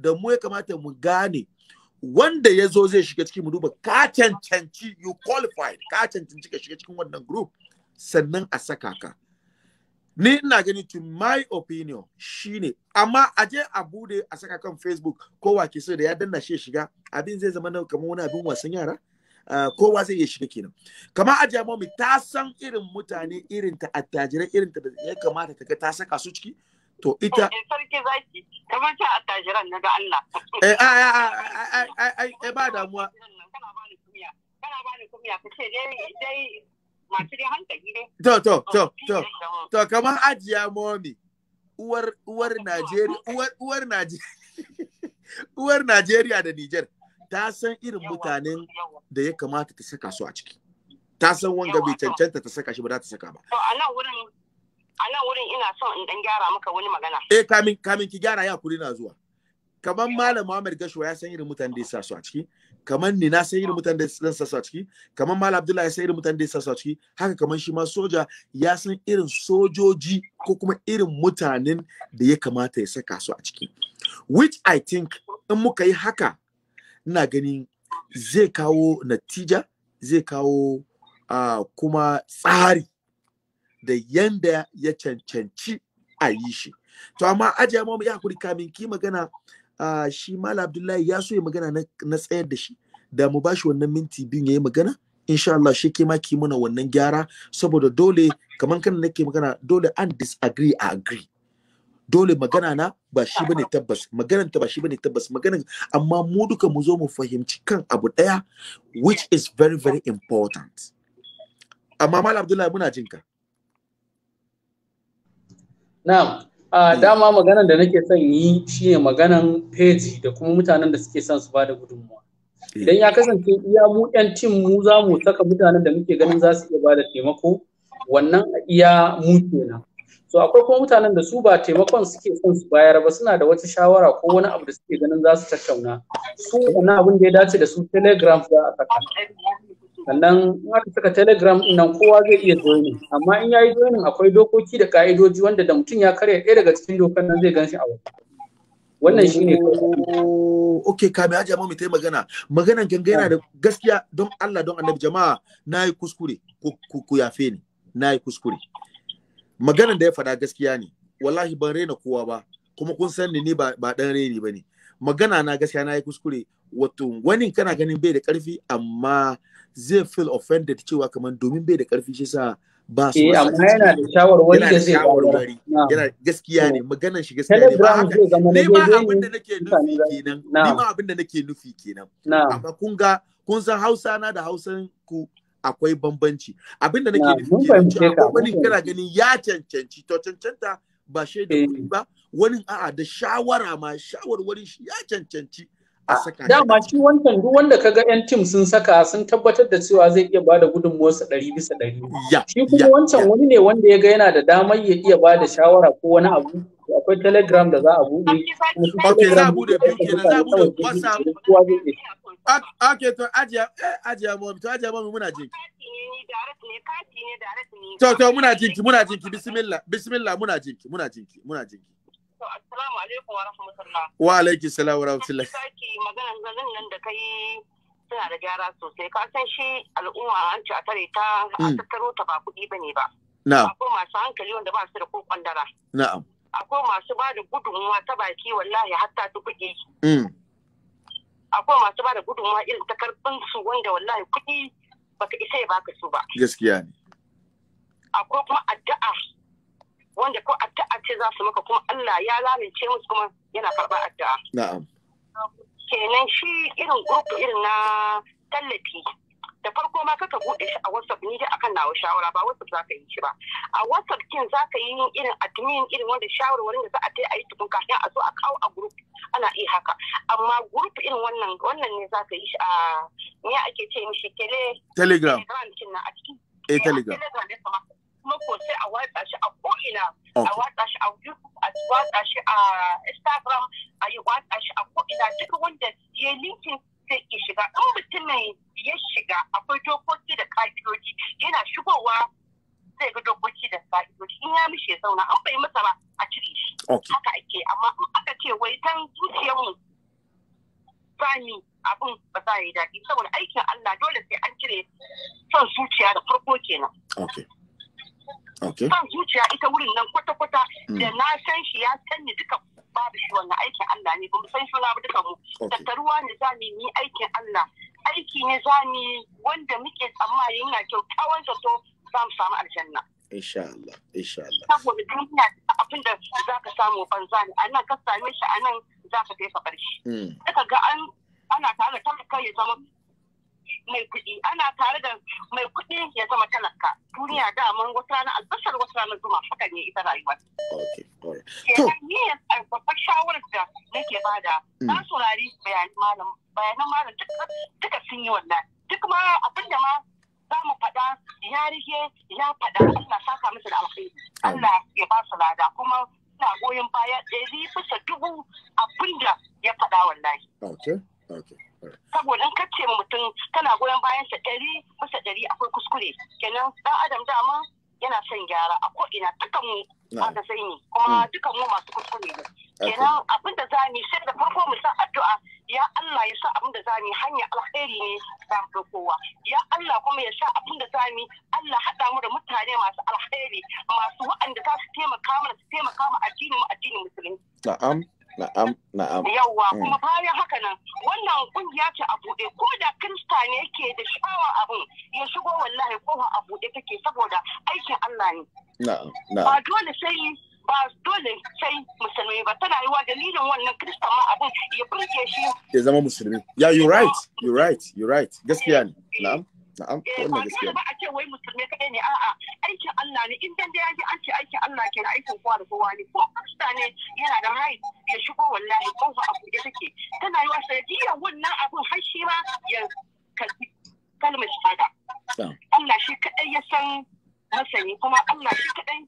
da mu ya kamata mu gane wanda ya zo zai shiga cikin mu duba ka cancanci you qualified ka cancanci ka shiga cikin wannan group sannan a saka ka ni ina gani to my opinion shine amma a je a bude a saka kan facebook kowa ke so da ya danna shi shiga abin zai zama na kamar wani abin wasan yara kowa zai iya shiga kenan kamar ajiya momi ta san irin mutane irin ta attajirai irin ta da ya kamata ta ga ta saka su ciki to ita eh,
sarki zaki kamar ta attajiran na ga Allah eh ai
ai ai ai ba damuwa kana ba
ni kumiya kana ba ni kumiya ce dai dai masu dai hankali ne.
To, to, oh, to, to, oh. to, kamar ajiya momi, uwar, uwar Najeriya, uwar, uwar Najeriya, uwar Najeriya da Nijar, ta san irin mutanen da ya kamata ta saka su a ciki. Ta san wanga bai cancanta ta saka shi ba za ta saka ba.
To, a nan wurin, a nan wurin ina son in dan gyara maka wani magana. Eh,
kamin, kamin ki gyara ya kuri na zuwa. Kamar Malam Muhammad Gashuwa ya san irin mutanen da ya sa su a ciki. kamar ni na san irin mutanen da zan sassa ciki kamar mal abdullahi ya san irin mutanen da ya sassa ciki haka kamar shi ma soja ya san irin sojoji ko kuma irin mutanen da ya kamata ya saka su a ciki which i think in muka yi haka ina gani zai kawo natija zai kawo uh, kuma tsari da yanda ya cancanci a yi shi to amma ajiya mu ya hakuri kamin ki magana Aa shi mala Abdullahi ya so ya magana na tsayar da shi da mu bashi wannan minti biyun ya yi magana insha Allah shi ke maki muna wannan gyara saboda dole kamar kan nake magana dole an disagree a agree dole magana na ba shi bane tabbas maganar ta ba shi bane tabbas maganar amma mu duka mu zo mu fahimci kan abu daya which is very very important
amma mala Abdullahi muna jinka na'am a hmm. dama maganan da nake son yi shine maganan peji da kuma mutanen da suke son su bada gudunmuwa hmm. idan ya kasance iya mu yan cin mu za mu saka mutanen da muke ganin za su iya bada taimako wannan iya mu kenan so akwai kuma mutanen da su ba taimakon suke son su bayar ba suna da wata shawara ko wani abu da suke ganin za su tattauna su wannan abin da ya dace da su telegram za a saka sannan in aka saka telegram nan kowa zai iya joining amma in yayi joining akwai dokoki da ka'idoji wanda da mutum ya karya ɗaya daga cikin dokan nan zai ganshi a waje wannan shine oh, okay
kame haji amma mu yi magana maganan ganga yana da gaskiya don Allah don Annabi jama'a na yi kuskure ku yafe ni yi kuskure maganan da ya faɗa gaskiya ne wallahi ban raina kowa ba kuma kun san ni ba ba dan raini ne magana na gaskiya na yi kuskure wato wani kana ganin bai da karfi amma zai feel offended cewa kamar domin bai da karfi shi sa eh, ba su amma yana da shawarwari da zai shawarwari yana gaskiya ne eh. maganar shi gaskiya ne ba haka ni ma abin
da nake nufi kenan ni ma
abin da nake nufi kenan amma kun ga kun san Hausa na da Hausan ku akwai bambanci abin da nake nufi kenan cewa wani kana ganin ya cancanci to cancanta ba shaida kuɗi eh. ba wani a'a da shawara ma shawarwarin shi ya cancanci
dama shi wancan duk wanda kaga yan tim sun saka sun tabbatar da cewa zai iya bada gudunmuwarsa ɗari bisa ɗari shi kuma wancan wani ne wanda ya ga yana da damar ya iya bada shawara ko wani abu akwai telegram da za a buɗe ok za a buɗe biyu kenan za a buɗe whatsapp
ok to ajiya eh, ajiya mami to ajiya mami muna jinki to to muna jinki muna jinki bismillah bismillah muna jinki muna jinki muna jinki Assalamu alaikum wa rahmatullah. Wa alaikum salam wa rahmatullah. Saki maganan zanen nan da kai suna da gyara sosai. Ka san shi al'umma an ci a tare ta a hmm. tattaro ta ba kuɗi ba ne ba. Na'am. Akwai masu hankali wanda ba su da ko kwandara. Na'am.
Akwai masu ba da gudunmuwa ta baki wallahi hatta ta kuɗi. Hmm. Akwai masu ba da gudunmuwa irin ta su wanda wallahi kuɗi baka isa ya baka su ba. Gaskiya ne. Akwai kuma addu'a wanda ko addu'a ce za su maka kuma Allah ya lamince musu kuma yana karba addu'a. Na'am. Kenan shi irin group irin na tallafi da farko ma kaka bude shi a WhatsApp ni dai akan nawa shawara ba WhatsApp zaka yi shi ba. A WhatsApp kin zaka yi irin admin irin wanda shawarwarin da za a a yi tukun kafin a zo a kawo a group ana iya haka. Amma group irin wannan wannan ne zaka yi shi a me ake ce mishi tele. Telegram. Telegram kin na a cikin. Eh Telegram smoke sai a watsa shi a ko'ina a watsa shi a youtube a watsa shi a instagram a yi watsa shi a ko'ina duka wanda ya linkin sai ya shiga in mutumin ya shiga akwai dokoki da ka'idoji yana shigowa zai ga dokoki da ka'idoji in ya mishi ya zauna an bai masa ba a cire shi haka ake amma in aka ce wai tan zuciyarmu sani abin ba za a yi daɗi saboda aikin Allah dole sai an cire son zuciya da farko kenan. kan zuciya ita wurin nan kwata-kwata mm. da na san shi ya san ni duka babu shi wannan aikin Allah ne ba mu san suna ba duka mu. Tattaruwa ne za mu yi aikin Allah. Aiki ne za mu wanda muke tsammani yana kyakkyawan to za mu samu aljanna.
insha Allah insha Allah
saboda duniya abin da za ka samu banza ne anan ka same shi anan za ka ka barshi mm. ka ga an ana tare talaka ya zama mai kuɗi ana tare da mai kuɗi ya zama talaka duniya da mun wasu rana albashar wasu rana zuma haka ne ita rayuwa kenan ni babbar shawarar da nake bada mm. na saurari bayanan malam bayanan malam duka sun yi wannan duk ma abinda ma za mu faɗa ya rige ya faɗa Ina saka masa da alkhairi Allah ya ba su lada kuma ina goyon baya ɗari bisa dubu abinda ya faɗa wallahi. saboda in kace mutum tana goyon bayan sa ɗari masa ɗari akwai kuskure kenan ɗan adam dama yana son gyara a ko ina dukan mu ba sai ni kuma mm. dukan mu masu kuskure ne kenan abin da za mu sai da farko mu sa addu'a ya Allah ya sa abin da za mu hanya alkhairi ne za mu kowa ya Allah kuma ya sa abin da za mu Allah hada mu da mutane masu alkhairi masu wa'anda za su taimaka mana su taimaka mu addinin mu addinin musulunci
na'am Na'am, na'am. Yawwa, mm. kuma
bayan haka nan wannan kungiya ce a buɗe ko da Kirista ne ke da sha'awa abin ya shigo wallahi kofa a buɗe take saboda aikin Allah ne.
Na'am, na'am. Ba
dole sai ba dole sai musulmi ba tana wa dalilin wannan Kirista ma abin ya burge shi.
Ya zama musulmi. Yeah, you right, you right, you right. Gaskiya ne. Eh, eh. Na'am. na'am eh, wannan gaskiya ba a ce
wai musulmi kadai ne a'a aikin Allah ne in dan da an ce aikin Allah ke na aikin kowa da kowa ne ko kirista ne yana da right ya shigo wallahi ko ba abu da take tana yi wa sanadiyar wannan abun har shi ma ya kalbi kalmar Allah shi kadai ya san masani kuma Allah shi kadai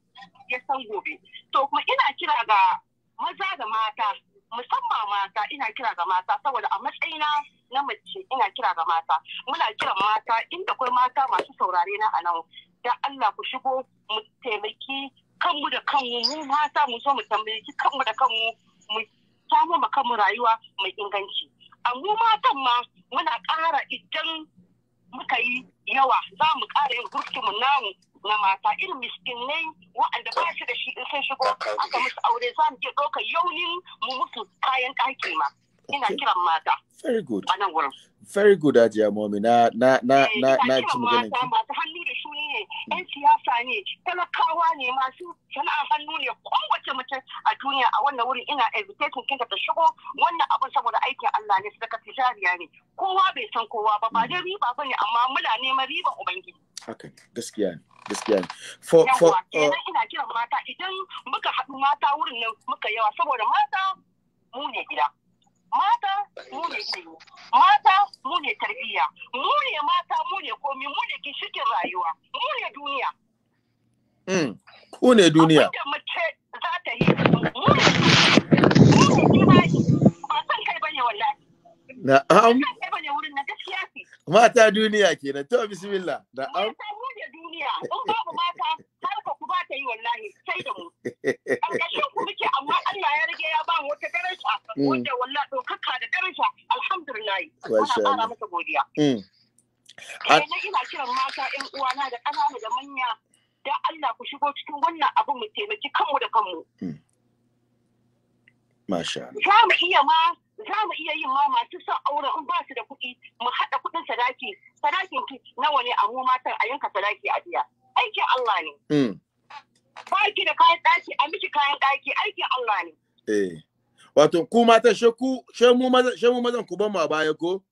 ya san gobe to kuma ina kira ga maza da mata musamman mata ina kira ga mata saboda a matsayina na mace ina kira ga mata muna kiran mata inda akwai mata masu saurare na a nan da Allah ku shigo mu taimaki kanmu da kanmu mu mata mu so mu taimaki kanmu da kanmu mu samu ma kanmu rayuwa mai inganci amma matan ma muna ƙara idan muka yi yawa za mu ƙara yin mu namu na mata irin miskinai wa'anda ba shi da shi in sun shigo aka musu aure za mu iya ɗaukar yaunin mu musu kayan ɗaki ma ina kiran mata
very good a nan gurin very good ajiya momi na na na eh, na na ci magana ki masu
hannu da shuni ne yan siyasa ne talakawa ne masu sana'a hannu ne kowace mutum a duniya a wannan wurin ina invitation kinka ta shigo wannan abin saboda aikin Allah ne sadaka tijariya ne kowa bai san kowa ba ba dai mm. riba bane amma muna neman riban ubangiji
haka gaskiya ne gaskiya ne for for eh, oh. ina kiran mata idan muka haɗu mata wurin nan muka yawa saboda
mata mu ne gida mata mu ne kiwo mata mu ne tarbiyya mu ne mata mu ne komi mu ne gishikin rayuwa mu ne duniya
hmm. ku ne duniya na'am mata duniya kenan to bismillah na'am mata duniya in babu mata yi wallahi sai da mu an ku muke amma Allah ya rage ya ba mu wata daraja mm. wanda wallahi dokaka da daraja
alhamdulillah ana masa godiya
mm. na
ina kiran mata ƴan uwana da ƙanana da manya da Allah ku shigo cikin wannan abu mu taimaki kanmu da kanmu
mm. Masha. Za
mu iya ma za mu iya yin ma masu son aure in ba su da kuɗi mu haɗa kuɗin sadaki sadakin ki nawa ne a mu matan a yanka sadaki a biya. Aikin Allah ne. ki da kayan ɗaki a miki kayan ɗaki aikin Allah ne.
Eh. Wato ku mata shaku shemu mazan mu mazan ku ban ma baya ko?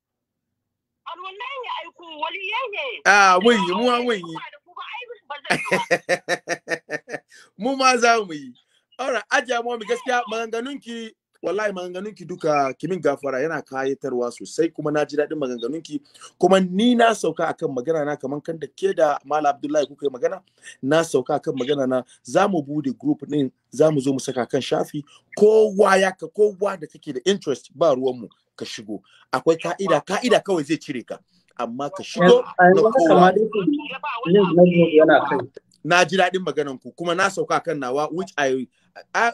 Alwallahi ya aiku waliyan ne. Ah wai yi mu mun yi.
Mu ma za mu yi. ora ajiya mu gaskiya ki. wallahi maganganun ki duka kimin gafara yana kayatarwa sosai kuma na ji daɗin maganganun ki kuma ni na sauka akan magana na kaman kan da ke da Malam Abdullahi kuka yi magana na sauka akan magana na za mu bude group din za mu zo mu saka kan shafi kowa ya ka kowa da kake da interest ba ruwan mu ka shigo akwai ka'ida ka'ida kawai zai cire ka amma ka shigo na kowa yana kai na ji daɗin maganan ku kuma na sauka kan nawa which I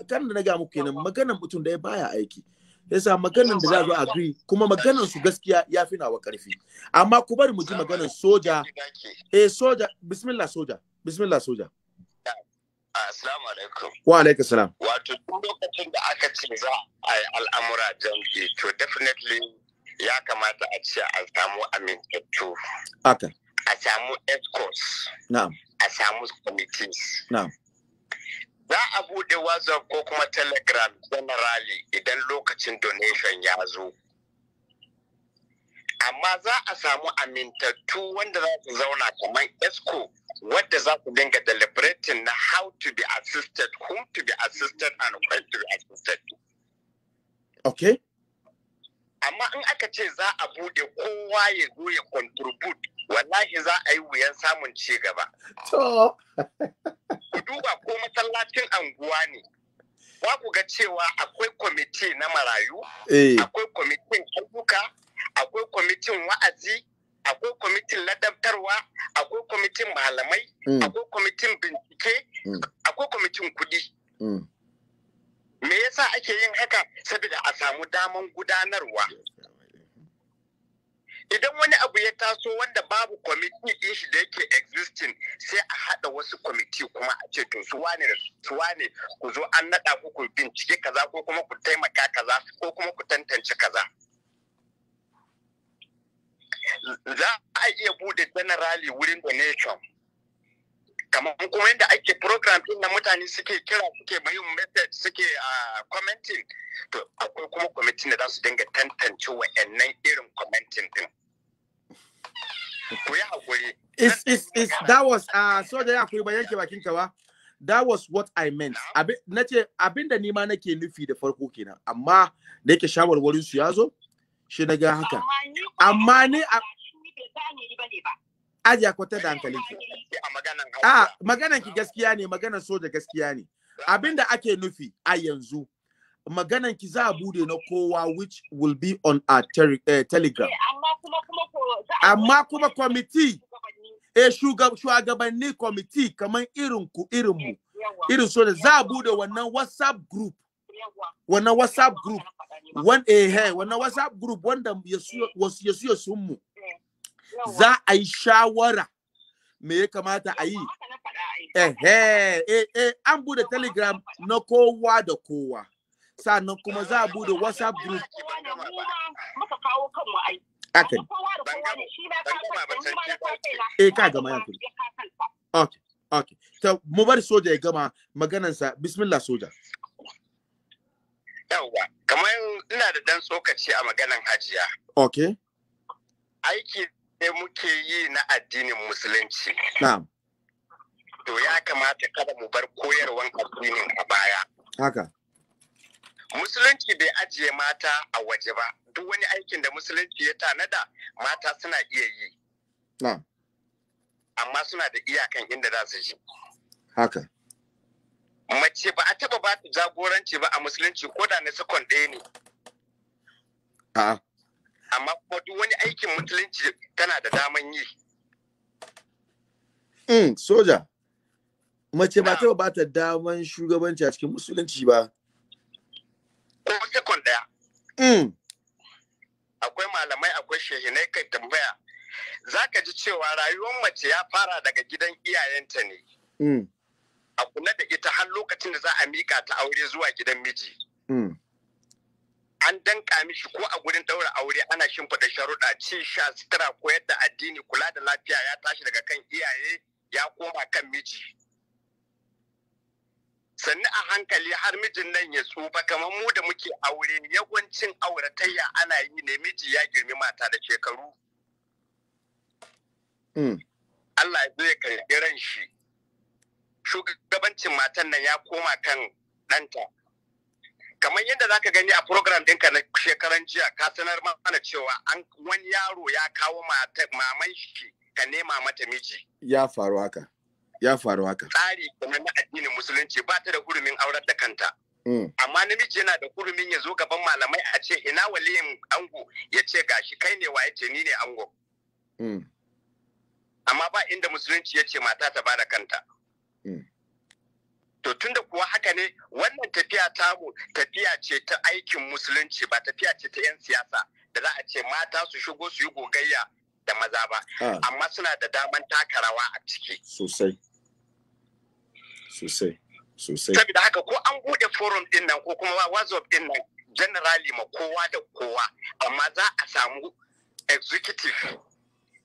kan da na ga muku kenan maganan mutum da ya baya aiki yasa maganan da za zo agree kuma maganan su gaskiya ya fi nawa karfi amma ku bari mu ji maganan soja eh soja bismillah soja bismillah soja Assalamu alaikum. Wa alaikum salam.
Wato duk lokacin da aka ce za a yi al'amura jam'i to definitely ya kamata a ce a samu amintattu. Aka. A samu escorts. Na'am. a samu committees. Za a bude WhatsApp ko kuma Telegram generali idan lokacin donation ya zo. Amma za a samu amintattu wanda za su zauna kamar ESCO wadda za su dinga deliberating na how to be assisted, whom to be assisted and when to be assisted. Okay. amma in aka ce za a bude kowa ya zo ya contribute wallahi za a yi wuyan samun ci gaba to ku duba ko masallacin anguwa ne Wa ku ga cewa akwai kwamiti na marayu eh. akwai kwamitin ayyuka akwai kwamitin wa'azi akwai kwamitin ladabtarwa akwai kwamitin malamai hmm. akwai kwamitin bincike hmm. akwai kwamitin kuɗi hmm. me yasa ake yin haka saboda a samu daman gudanarwa idan wani abu ya taso wanda babu kwamiti din shi da yake existing sai a haɗa wasu kwamiti kuma a ce to su wane su wane ku zo an naɗa ku ku bincike kaza ko kuma ku taimaka kaza ko kuma ku tantance kaza za a iya bude generally wurin donation kamar kuma yadda ake program din na mutane suke kira suke mai mayun message suke a commenting to akwai kuma kwamitin da za su dinga tantance wa'annan irin commenting din
ku yi hakuri
is is is
that was uh, ah, so da ya hakuri ba yanke bakin ka ba that was what I meant. Abin nace abin da nima nake nufi da farko kenan, amma da yake shawarwarin su ya zo, shi na ga haka. Amma ni a aji a kwatar ki a maganan ki gaskiya ne maganan soja gaskiya ne abinda ake nufi a yanzu maganan ki za a bude na kowa which will be on a uh, eh, telegram eh, amma kuma kwamiti eh shugabanni kwamiti kamar irin ku irin mu irin so da za a bude wannan whatsapp group wannan whatsapp group wan eh, wannan whatsapp group wanda wasu ya sun mu za a yi shawara me ya kamata a yi eh eh an bude telegram na kowa da kowa sannan kuma za a bude whatsapp group akan eh ka gama ya kuri okay okay ta mu bari soja ya gama maganansa bismillah soja
yawwa kamar ina da dan tsokaci a maganan hajiya okay aiki da muke yi na addinin musulunci. To ya kamata kada mu bar koyarwan addinin a baya. Haka. Musulunci bai ajiye mata a waje ba, duk wani aikin da musulunci ya tanada mata suna iya yi. Amma suna da iyakan inda za su ji. Haka. Mace ba a taba ba ta jagoranci ba a musulunci ko da na sakon ɗaya ne. A'a. amma kuma duk wani aikin musulunci tana da daman yi
mm, soja mace ba ta ba ta daman shugabanci a cikin musulunci ba ko sekon daya mm.
akwai malamai akwai shehinai kai tambaya za ka ji cewa rayuwar mace ya fara daga gidan iyayenta ne mm. a kula da ita har lokacin da za a mika ta aure zuwa gidan miji mm. an danka mishi ko a gurin daura aure ana shimfiɗa sharuɗa ci sha sutura ko yadda addini kula da lafiya ya tashi daga kan iyaye ya koma kan miji sannu a hankali har mijin nan ya tsufa kamar mu da muke aure yawancin auratayya ana yi ne miji ya girmi mata da shekaru hmm. Allah zai karɓi ran shi shugabancin matan nan ya koma kan ɗanta kamar yadda zaka gani a program ɗinka na shekaran jiya ka sanar mana cewa an wani yaro ya kawo maman shi ka nema mata miji
ya faru haka ya faru haka
tsari kamar na addinin musulunci ba ta da hurumin aurar da kanta mm. amma namiji yana da hurumin ya zo gaban malamai a ce ina waliyin ango ya ce gashi kai ne waye ce ni ne ango mm. amma ba inda musulunci ya ce mata ta bada kanta to tunda kuwa haka ne wannan tafiya tamu tafiya ce ta aikin musulunci ba tafiya ce ta 'yan siyasa da za a ce mata su shigo su yi gogayya da maza ba ah. amma suna da daman taka rawa a ciki
sosai sosai sosai
saboda haka ko an bude forum din nan ko kuma whatsapp din nan generally ma kowa da kowa amma za a samu executive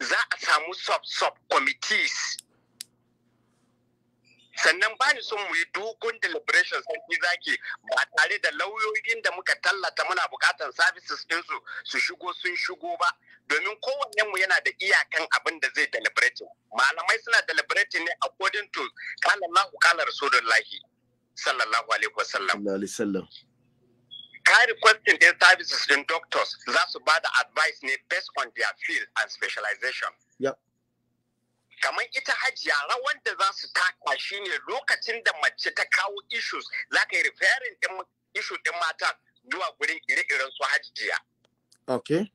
za a samu sub sub committees sannan ba ni son mu yi dogon deliberation sarki zaki ba tare da lauyoyin da muka tallata muna bukatan services ɗinsu su shigo sun shigo ba domin kowanne mu yana da iyakan abin da zai deliberate malamai suna deliberate ne according to kala Allahu kala Rasulullahi sallallahu alaihi
wasallam
ka requesting ɗin services ɗin doctors za su ba da advice ne based on their field and specialization yep. kamar ita hajiya rawan da za su taka ne lokacin da mace ta kawo issues za ka yi repairing din issue din mata zuwa gurin ire-iren su hajiya. Ok.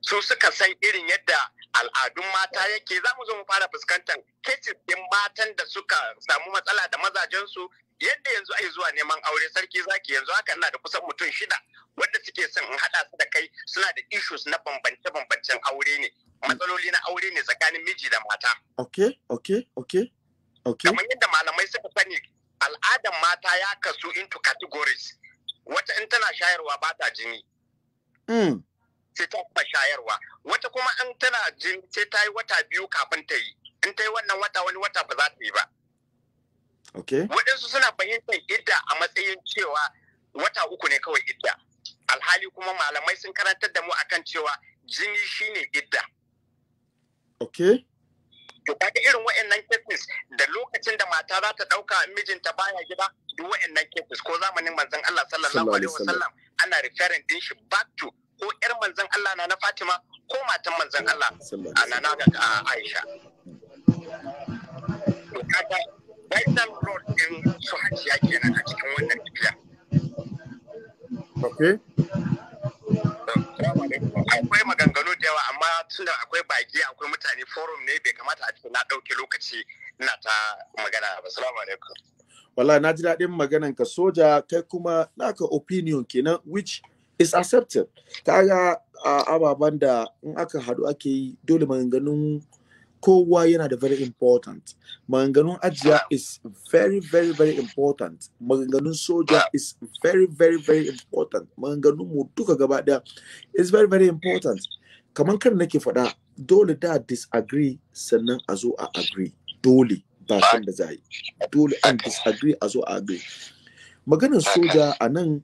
Su suka san irin yadda al'adun mata yake za mu zo mu fara fuskantar cases ɗin matan da suka samu matsala da mazajensu yadda yanzu ai zuwa neman aure sarki zaki yanzu haka ina da kusan mutum shida wanda suke son in haɗa su da kai suna da issues na bambance bambancen aure ne matsaloli na aure ne tsakanin miji da mata
okay okay okay okay kamar
yadda malamai suka sani al'adan mata ya kasu into categories wata in tana shayarwa ba ta jini hmm. sai ta kuma shayarwa wata kuma in tana jini sai ta yi wata biyu kafin ta yi in ta yi wannan wata wani wata ba za ta yi ba Okay. Waɗansu suna fahimtar idda a matsayin cewa wata uku ne kawai idda. Alhali kuma malamai sun karantar da mu akan cewa jini shine idda. Okay. To kaga irin wa'annan cases da lokacin da mata za ta ɗauka mijinta baya gida duk wa'annan cases ko zamanin manzon Allah sallallahu alaihi wasallam ana referring din shi back to ko ƴar manzon Allah na na Fatima ko matan manzon Allah ana na ga Aisha. To kaga vital role ɗin su hajiya kenan a cikin wannan tafiya. Okay. Akwai maganganu da yawa amma tunda akwai baki akwai mutane forum ne bai kamata a ce na ɗauke
lokaci ina ta magana ba. Salamu alaikum. Wala na ji daɗin maganan ka soja kai kuma naka opinion kenan which is accepted. Kaga ababen da in aka haɗu ake yi dole maganganun kowa yana da very important maganganun ajiya is very very very important maganganun soja is very very very important maganganun mu duka gaba daya is very very important kamar kan nake faɗa dole da disagree sannan a zo a agree dole ba san da za yi dole an disagree a zo a agree maganar soja a nan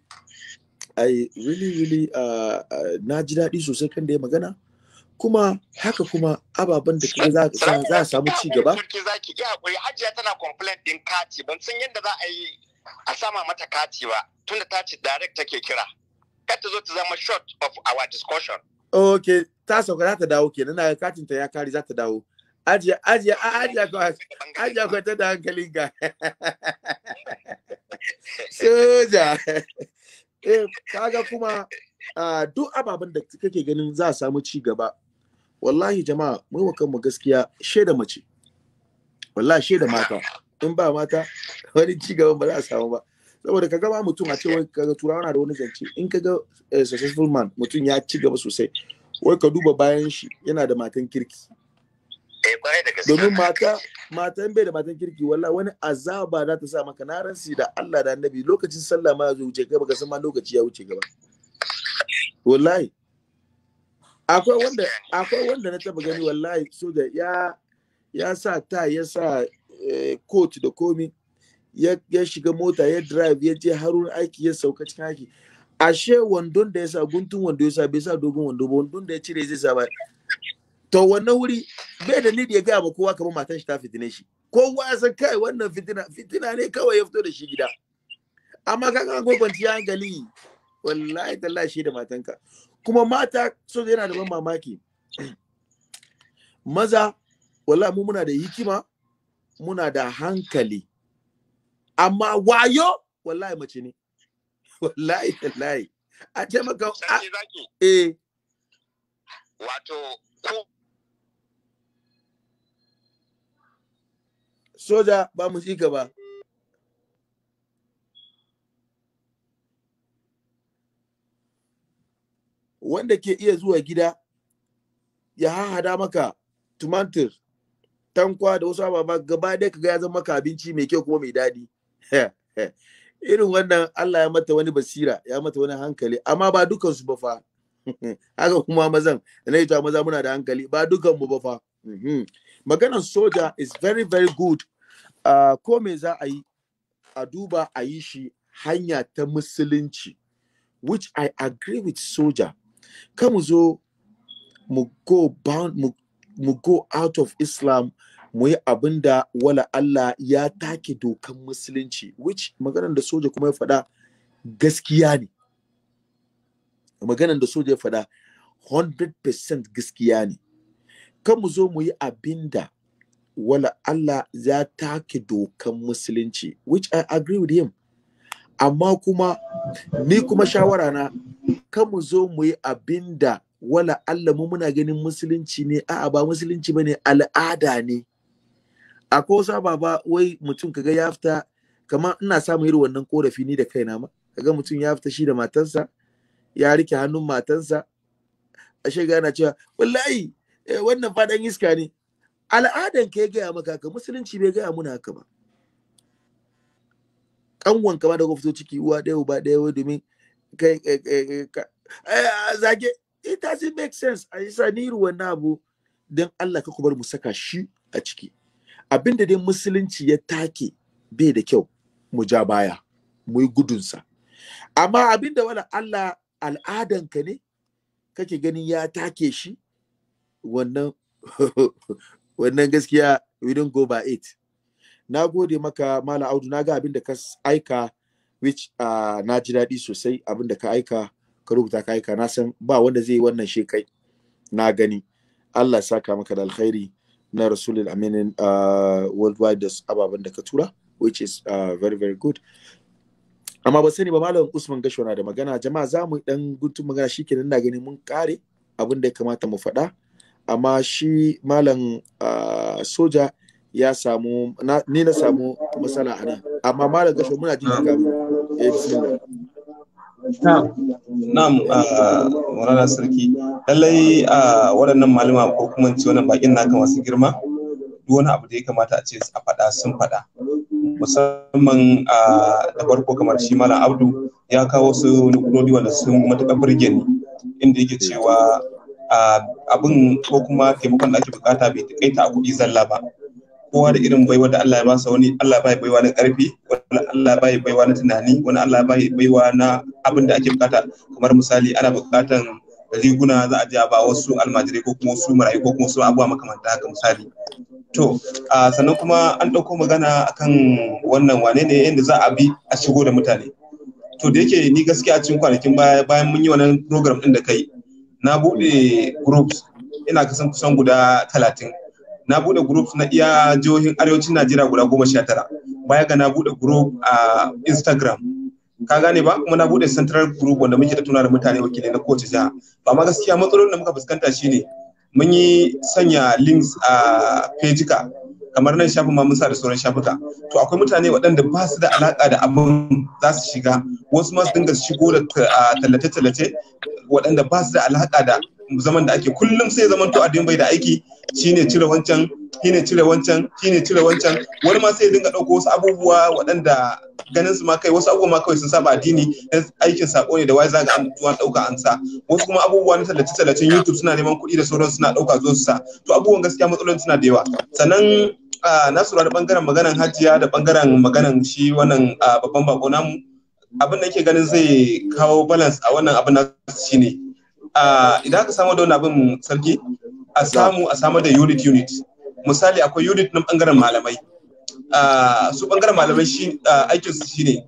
i really really uh, uh, na ji daɗi sosai kan da ya magana kuma haka kuma ababen da kuma za a samu ci gaba
hajiya tana complaint din kati ban san yadda za a yi a sama mata kati ba tunda ta ce direct take kira kar ta zo ta zama short of our discussion
Ok, ta sauka za ta dawo kenan na katin ta ya kare za ta dawo ajiya ajiya ajiya ko ajiya ko ta da hankalin ga soja eh kaga kuma ah, duk ababen da kake ganin za a samu ci gaba wallahi jama'a mu wa kanmu gaskiya shaida mace wallahi shaida mata in ba mata wani ci gaban ba za a samu ba saboda ka gaba mutum a cewa kaga tura na da wani zance in ka ga eh, successful man mutum ya ci gaba sosai wai ka duba bayan shi yana da matan kirki eh, domin mata matan bai da matan kirki wallahi wani azaba za ta sa maka na ransi da Allah da annabi lokacin sallah ma ya zo wuce gaba san ma lokaci ya wuce gaba wallahi akwai wanda na taba gani wallahi soja ya ya sa ta ya sa eh, coat da komi ya shiga mota ya drive ya je harun aiki ya sauka cikin aiki ashe wandon da ya sa guntun wando ya sa bai sa dogon wando ba wandon da ya cire zai sa ba to wannan wuri bai da nidi ya gaya ba kowa kamar matan shi ta fitine shi kowa ya san kai wannan fitina fitina ne kawai ya fito da shi gida amma kaga an gwagwanci ya hankali wallahi tallahi da matanka kuma mata so yana da ban mamaki maza wallahi mu muna da hikima muna da hankali amma wayo wallahi mace ne wallahi wallahi a maka eh
wato ko
soja ba mu ji wanda ke iya zuwa gida ya hahada maka tumatir tankwa da wasu ababa gaba dai kaga ya zama maka abinci mai kyau kuma mai daɗi irin wannan Allah ya mata wani basira ya mata wani hankali amma ba dukan su ba fa haka kuma mazan na yi maza muna da hankali ba dukan mu ba fa mhm. maganar soja is very very good uh, ko me za a yi a duba a yi shi hanya ta musulunci which I agree with soja kan mu zo mu go out of islam mu yi abin da wala Allah ya take dokan musulunci which maganar da soja kuma ya faɗa gaskiya ne maganar da soja ya faɗa 100% gaskiya ne kan mu zo mu yi abin da wala Allah ya take dokan musulunci which I agree with him amma kuma ni kuma shawara na kan mu zo mu yi abin da wala Allah mu muna ganin musulunci ne a'a ba musulunci bane al'ada ne akwai wasu ababa wai mutum kaga ya fita Kama ina samun irin wannan korafi ni da kaina ma kaga mutum ya fita shi da matansa ya rike hannun matansa ashe shiga yana cewa wallahi eh, wannan fadan iska ne al'adan ka ya gaya maka ka musulunci bai gaya muna haka ba kanwan kama da kofito ciki uwa ɗaya uba ɗaya wai domin kai eh, zage it doesn't make sense a ruwan abu don Allah ka kubar mu saka shi a ciki abinda dai musulunci ya take bai da kyau mu ja baya mu yi gudunsa amma abinda wala Allah al'adanka ne kake ganin ya take shi wannan wannan gaskiya we don't go by it na gode maka mala audu na ga abin da ka aika which uh, na ji daɗi sosai abin da ka aika ka rubuta ka aika na san ba wanda zai yi wannan shekai na gani Allah saka maka da alkhairi na rasulul aminin uh, ah, worldwide ababen da ka tura which is ah, very very good amma ba sani ba malam usman gasho na da magana jama'a za mu dan guntun magana shi kenan na gani mun kare abin da ya kamata mu faɗa amma shi malam soja ya samu ni na samu matsala a nan amma malam gasho muna
jin gaba eh bismillah Na'am, Murana ah, Sarki, lallai a ah, waɗannan malama ko kuma ci wannan bakin naka masu girma, duk wani abu da ya kamata a ce a faɗa sun faɗa. Musamman ah, da farko kamar shi Malam Abdu ya kawo su nukurori wanda sun matuƙar burge ni, inda yake cewa abin ko kuma taimakon da ake bukata bai taƙaita a kuɗi zalla ba. kowa da irin baiwa da Allah ya masa wani Allah bai baiwa na karfi wani Allah bai baiwa na tunani wani Allah bai baiwa na abin da ake bukata kamar misali ana bukatan riguna za a ba wasu almajirai ko kuma wasu marayu ko kuma wasu abubuwa makamanta haka misali to sannan kuma an ɗauko magana akan wannan wane ne yadda za a bi a shigo da mutane to da yake ni gaskiya cikin kwanakin baya bayan mun yi wannan program ɗin da kai na buɗe groups ina kasan kusan guda talatin na bude group na iya jihohin arewacin najeriya guda goma sha tara baya ga na bude group a instagram ka gane ba kuma na bude central group wanda muke tattauna da mutane wakili na kowace jiha ba ma gaskiya matsalolin da muka fuskanta shine mun yi sanya links a pejika kamar nan shafin ma musa da sauran shafuka to akwai mutane waɗanda ba su da alaƙa da abin za su shiga wasu ma dinga shigo da tallace-tallace waɗanda ba su da alaƙa da zaman da ake kullum sai zaman to addinin bai da aiki shine cire wancan shine cire wancan shine cire wancan wani ma sai ya dinga dauko wasu abubuwa waɗanda ganin su ma kai wasu abubuwa ma kawai sun saba addini aikin sako ne da wai zaga an tuwa dauka an sa wasu kuma abubuwa na tallace tallacen YouTube suna neman kuɗi da sauran suna dauka zo su sa to abubuwan gaskiya matsalolin suna da yawa sannan na sura da bangaren maganan hajiya da bangaren maganan shi wannan babban bako namu abin da yake ganin zai kawo balance a wannan abin na shine Ah, idan aka samu da wani abin sarki a samu a samu da unit unit misali akwai unit na bangaren malamai ah, su bangaren malamai shi ah, aikin su shine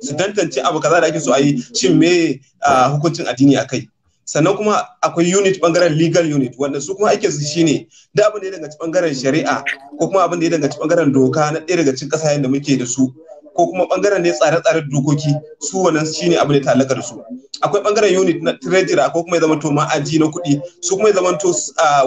su tantance abu kaza da ake so a yi shin me hukuncin addini a kai sannan kuma akwai unit bangaren legal unit wanda su kuma aikin su shine da abin da ya danganci bangaren shari'a ko kuma abin da ya danganci bangaren doka na ɗaya daga cikin ƙasashen da muke da su ko kuma bangaren ne tsare-tsaren dokoki su wannan shine abin da talaka da su akwai bangaren unit na treasury akwai kuma ya zama to ma'aji na kuɗi su kuma ya zama to ah,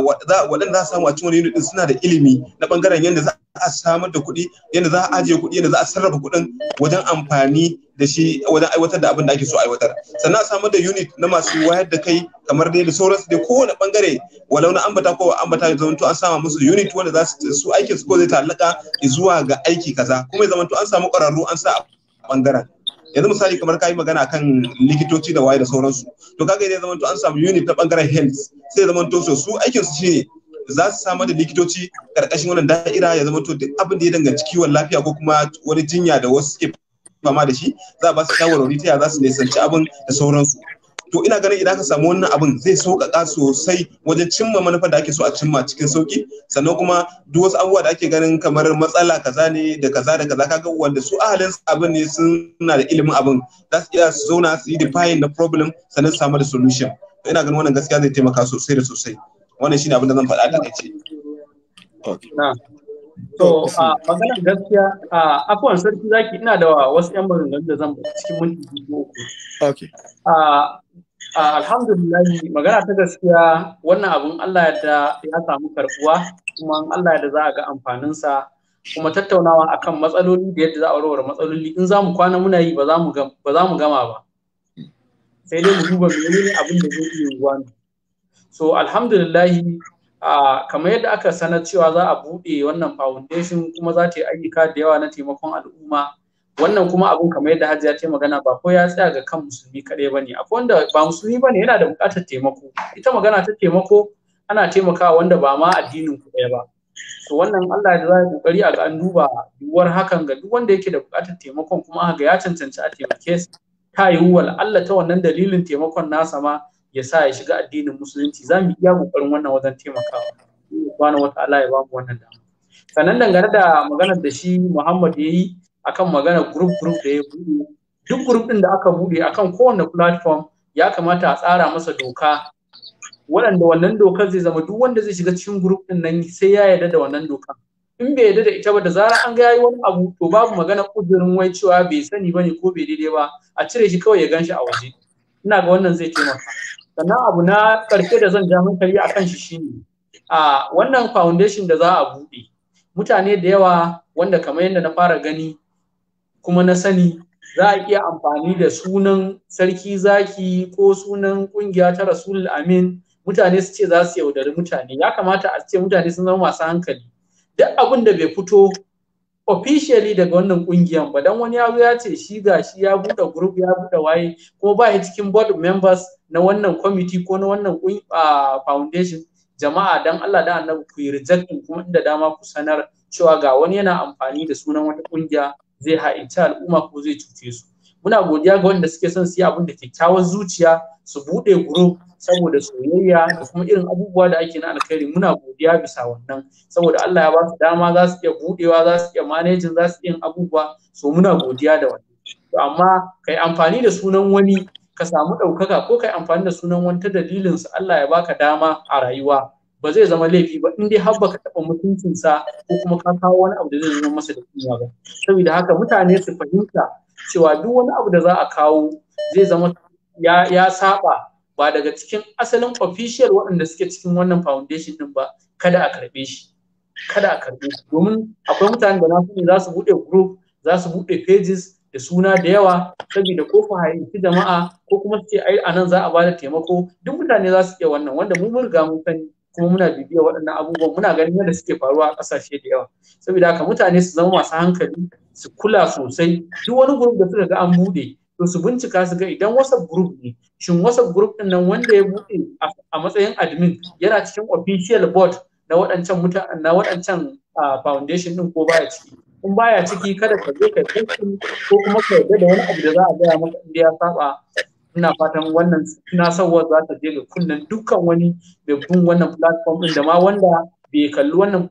waɗanda za su samu a cikin wani unit suna da ilimi na bangaren yadda za a samar da kuɗi yadda za a ajiye kuɗi yadda za a sarrafa kuɗin wajen amfani da shi wajen aiwatar da abin da ake so aiwatar sannan a samar da unit na masu wayar da kai kamar dai da sauransu dai kowane bangare walau na ambata ko ambata ya zamanto an sama musu unit wanda za su aikin su ko zai ta'allaka zuwa ga aiki kaza kuma ya zamanto an samu ƙwararru an sa a bangaren yanzu misali kamar ka yi magana kan likitoci da waye da sauransu to kaga idan zamanto an samu unit na bangaren health sai zamanto su aikin su shine za su samar da likitoci karkashin wannan da'ira ya zama to duk abin da ya danganci kiwon lafiya ko kuma wani jinya da wasu suke fama da shi za a ba su shawarwari ta za su nisanci abin da sauransu to ina ganin idan ka samu wannan abin zai sauƙaƙa sosai wajen cimma manufar da ake so a cimma cikin sauƙi sannan kuma duk wasu abubuwa da ake ganin kamar matsala kaza ne da kaza da kaza kaga wanda su ahalin abin ne suna da ilimin abin za su iya su zauna su yi define na problem sannan su samu da solution ina ganin wannan gaskiya zai taimaka sosai da sosai wannan shine abin da zan faɗa kan ce
to a Magana gaskiya a afuwan sarki zaki ina da wasu yan maganganu da zan cikin minti biyu okay a alhamdulillah magana ta gaskiya wannan abun Allah ya da ya samu karbuwa kuma Allah ya da za a ga sa kuma tattaunawa akan matsaloli da yadda za a warware matsaloli in za kwana muna yi ba za mu gama ba sai dai mu duba menene abin da zai iya ruwa ne so alhamdulillahi uh, kamar yadda aka sanar cewa za a buɗe wannan foundation kuma za ta yi ayyuka da yawa na taimakon al'umma wannan kuma abin kamar yadda hajiya ta magana ba ko ya tsaya ga kan musulmi kaɗai ba ne akwai wanda ba musulmi ba ne yana da buƙatar taimako ita magana ta taimako ana taimakawa wanda ba ma addinin ku ɗaya ba to wannan Allah ya za ƙoƙari kokari a ga an duba duwar hakan ga duk wanda yake da buƙatar taimakon kuma aka ga ya cancanci a taimake su ta yiwu Allah ta wannan dalilin taimakon nasa ma ya sa ya shiga addinin musulunci za mu iya kokarin wannan wajen taimakawa wata Allah ya ba mu wannan dama sannan dangane da maganar da shi Muhammad ya yi akan maganar group group da ya buɗe duk group din da aka buɗe akan kowanne platform ya kamata a tsara masa doka waɗanda wannan dokar zai zama duk wanda zai shiga cikin group din nan sai ya yarda da wannan doka. in bai yarda da ita ba da zara an ga yayi wani abu to babu magana kudirin wai cewa bai sani bane ko bai daidai ba a cire shi kawai ya ganshi a waje ina ga wannan zai taimaka sannan abu na ƙarshe da zan ja hankali a kan shi shine a wannan foundation da za a buɗe mutane da yawa wanda kamar yadda na fara gani kuma na sani za a iya amfani da sunan sarki zaki ko sunan kungiya ta rasulul amin mutane su ce za su yaudari mutane ya kamata a ce mutane sun zama masu hankali duk abin da bai fito officially daga wannan kungiyan ba dan wani ya ya ce shi ga shi ya buɗe group ya buɗe waye kuma ba ya cikin board members na wannan committee ko na wannan foundation jama'a dan Allah da annabi ku yi rejecting kuma inda dama ku sanar cewa ga wani yana amfani da sunan wata kungiya zai ha'inci al'umma ko zai cuce su muna godiya ga wanda suke son siya abin da kyakkyawan zuciya su bude group saboda soyayya da kuma irin abubuwa da ake na alkhairi muna godiya bisa wannan saboda Allah ya ba su dama za su iya budewa za su iya managing za su iya abubuwa so muna godiya da wannan to amma kai amfani da sunan wani ka samu ɗaukaka ko kai amfani da sunan wani ta dalilin su Allah ya baka dama a rayuwa ba zai zama laifi ba in dai har baka taɓa mutuncinsa ko kuma ka kawo wani abu da zai zama masa da kunya ba saboda haka mutane su fahimta cewa duk wani abu da za a kawo zai zama ya, ya saba ba daga cikin asalin official waɗanda suke cikin wannan foundation din ba kada a karɓe shi kada a karɓe shi domin akwai mutane da na ne za su buɗe group za su buɗe pages da suna da yawa saboda ko ku hayyanci jama'a ko kuma su ce ai anan za a ba da taimako duk mutane za su iya wannan wanda mu mun riga mun sani kuma muna bibiya waɗannan abubuwan muna ganin yadda suke faruwa a ƙasashe da yawa saboda haka mutane su zama masu hankali su kula sosai duk wani gurub da suka ga an buɗe to su bincika su ga idan wasa gurub ne shin wasa gurub ɗin nan wanda ya buɗe a matsayin admin yana cikin official board na waɗancan mutane na waɗancan foundation din ko baya ciki in baya ciki kada ka je ka ko kuma ka yarda da wani abu da za a gaya maka inda ya saba ina fatan wannan tunasarwar za ta je ga kunnen dukkan wani da bin wannan platform din da ma wanda bai kalli wannan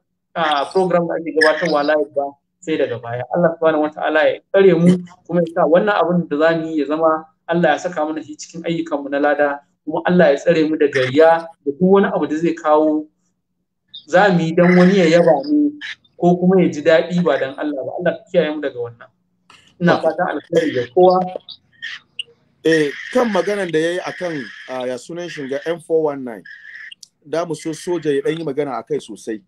program da ake gabatarwa live ba sai daga baya Allah subhanahu wataala ya tsare mu kuma ya sa wannan abin da za mu yi ya zama Allah ya saka mana shi cikin ayyukan mu na lada kuma Allah ya tsare mu da gayya da duk wani abu da zai kawo za mu yi dan wani ya yaba mu ko kuma ya ji daɗi ba dan Allah ba Allah ya kiyaye mu daga wannan ina fatan alheri ga kowa
eh kan maganan da ya yi a kan ya sunan shiga M419 da mu so soja ya ɗan yi magana a kai sosai.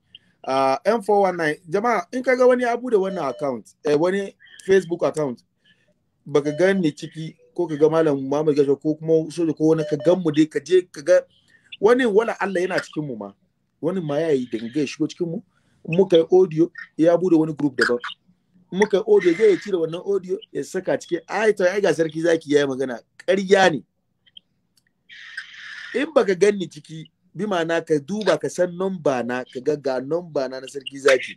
Uh, M419 jama'a in kaga wani ya bude wannan account eh, wani Facebook account baka gan ni ciki ko ka ga malam Muhammad Gajo ko kuma soja ko wani ka gan mu dai ka je ka ga wani wala Allah yana cikin mu ma wani ma yayi dangai shigo cikin mu muka yi audio ya bude wani group daban muka audio zai cire wannan audio ya saka cike ai to ai ga sarki zaki yayi magana ƙarya ne in baka ganni ciki bi ma'ana ka duba ka san number na ka ga ga number na na sarki zaki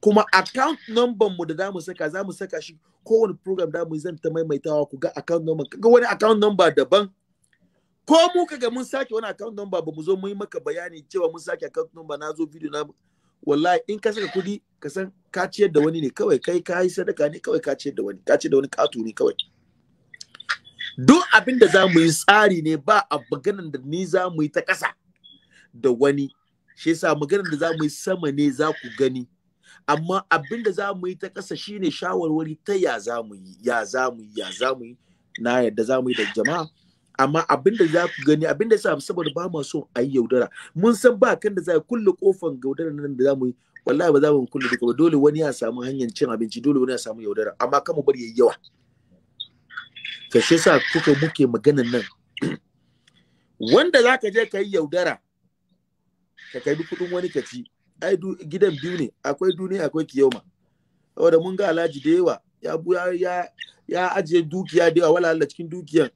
kuma account number mu da za mu saka za mu saka shi kowane program da mu zan ta maimaitawa ku ga account number ga wani account number daban ko mu ga mun sake wani account number ba mu zo mu yi maka bayani cewa mun sake account number na zo video na wallahi in ka saka kuɗi ka san ka ciyar da wani ne kawai kai ka yi sadaka ne kawai ka ciyar da wani ka ciyar da wani katu ne kawai duk abin da za mu yi tsari ne ba a maganar da ni za mu yi ta ƙasa da wani shi yasa maganar da za mu yi sama ne za ku gani amma abin da za mu yi ta ƙasa shine shawarwari ta ya za mu yi ya za mu yi ya za mu yi na yadda za mu yi da jama'a amma abin da za ku gani abin da sa saboda ba mu so a yi yaudara mun san ba kan da za ku kulle kofan gaudara nan da za mu yi wallahi ba za mu kulle duka ba dole wani ya samu hanyar cin abinci dole wani ya samu yaudara amma kan mu bari yayi yawa ka shi yasa kuka muke maganan nan wanda za ka je ka yi yaudara ka kai kudin wani ka ci ai gidan biyu ne akwai duniya akwai kiyoma saboda mun ga alhaji da yawa ya ya ya ajiye dukiya da yawa wala cikin dukiyan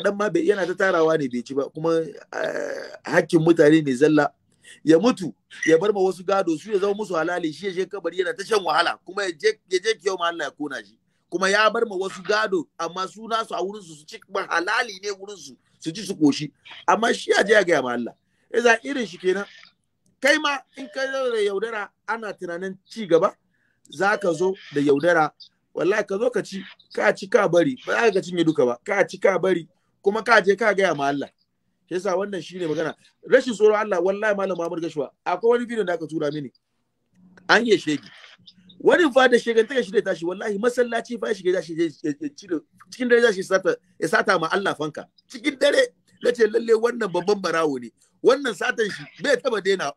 kaɗan ma yana ta tarawa ne bai ci ba kuma eh, hakkin mutane ne zalla ya mutu ya bar ma wasu gado su ya zama musu halali shi ya je kabari yana ta shan wahala kuma ya je kiyau ma Allah ya kona shi kuma ya bar ma wasu gado amma su nasu a wurinsu su ci ba halali ne wurinsu su ci su koshi amma shi ya je ya gaya ma Allah iza irin shi kenan kai ma in ka da yaudara ana tunanin ci gaba za ka zo da yaudara wallahi ka zo ka ci ka ci ka bari ba za ka cinye duka ba ka ci ka bari kuma ka je ka gaya ma Allah shi yasa wannan shine magana rashin tsoron Allah wallahi malam Muhammad Gashwa akwai wani bidiyo da aka tura mini an yi shege wani fa da take shi da tashi wallahi masallaci fa shige shi cikin dare shi sata ya sata ma Allah fanka cikin dare nace lalle wannan babban barawo ne wannan satan shi bai taba daina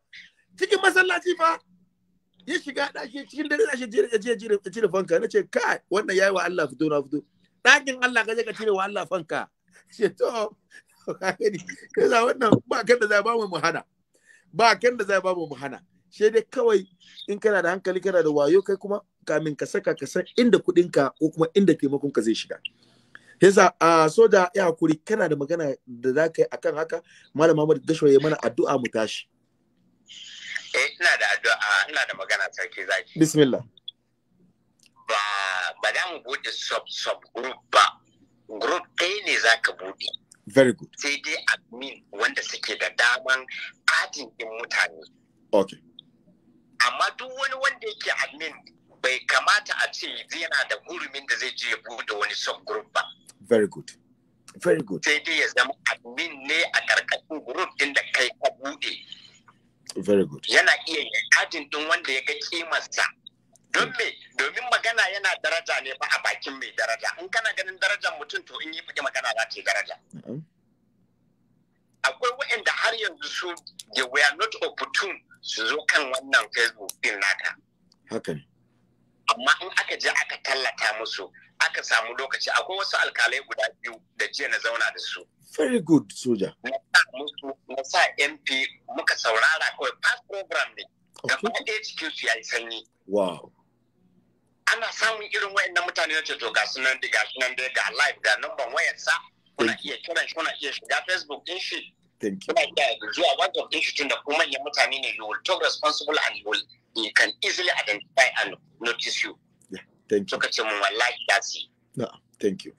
cikin masallaci fa ya shiga shi cikin dare shi ya cire fanka nace kai wannan yayi wa Allah fito na fito ɗakin Allah ka je ka cire wa Allah fanka ce to ka wannan ba kan da za ba mu hana ba kan da za ba mu hana sai dai kawai in kana da hankali kana da wayo kai kuma kamin ka saka ka san inda kuɗinka ko kuma inda taimakon ka zai shiga yasa a soja ya hakuri kana da magana da za ka yi akan haka malam Muhammad Gashuwa ya mana addu'a mu tashi
eh ina da addu'a ina da magana sarki zaki bismillah ba ba da mu bude sub sub group ba group ɗaya ne za ka buɗe very good sai dai admin wanda suke da daman adin ɗin mutane okay amma duk wani wanda yake admin
bai kamata a ce yana da hurumin da zai je buɗe wani subgroup ba very good very good
sai dai ya zama admin ne a ƙarƙashin group ɗin da kai ka buɗe very good yana iya yin adin ɗin wanda ya ga kimarsa don me domin magana yana daraja ne ba a bakin mai daraja in kana ganin darajar mutum to in yi faɗi magana za ta daraja akwai wa'anda har yanzu su they were not opportune su zo kan wannan facebook din naka hakan amma in aka je aka tallata musu aka samu lokaci akwai wasu alkalai guda biyu da jiya na zauna da su very good soja na sa mp muka saurara kawai past program ne kuma ɗaya cikin su yi sanyi wow ana samun irin na mutane na ceto ga sunan da ga sunan da ga live ga number sa kuna iya kiran shi kuna iya shiga facebook din shi kuna iya zuwa whatsapp din shi tunda kuma manyan mutane ne you will talk responsible and you will you can easily identify and notice you yeah thank you suka ce mun wallahi that's it
no thank you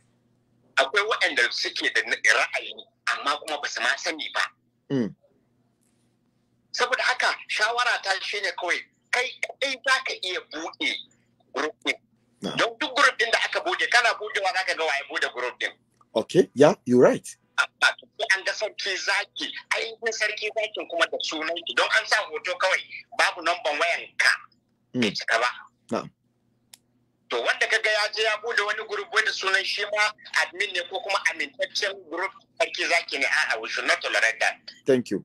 akwai waɗanda suke da ra'ayi amma kuma ba su ma sani ba mm. saboda haka shawara ta shine kawai kai kai za ka iya buɗe group
din don
duk group din da aka bude kana budewa zaka ga waye bude group din
okay yeah you right ah,
ah, an ga sarki zaki ainihin sarki zakin kuma da sunan ki don an sa hoto kawai babu namban wayan ka hmm. bai cika ba to wanda ga ya je ya bude wani group wanda sunan shi ma admin ne ko kuma amintaccen group sarki zaki ne a'a ah, we should not tolerate that
thank you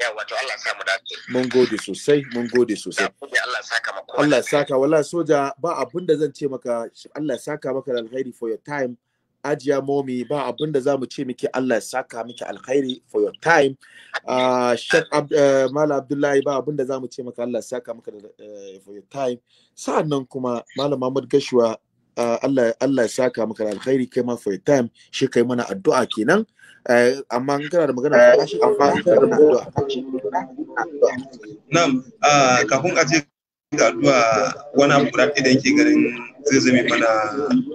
yawa to Allah sa mu dace mun gode sosai mun gode sosai Allah saka maka Allah saka wallahi soja ba abin da zan ce maka Allah saka maka alkhairi for your time ajiya momi ba abin da zamu ce miki Allah saka miki alkhairi for your time uh, Sheikh Ab uh, Malam Abdullahi ba abin da zamu ce maka Allah saka maka uh, for your time sa'annan kuma Malam mahmud Gashuwa uh, Allah Allah saka maka alkhairi kai ma for your time shi kai mana addu'a kenan Eh, amma in kana da magana ka tashi amma in da magana
na'am kafin a ce ga addu'a wani abu guda ɗaya da yake garin zai zame mana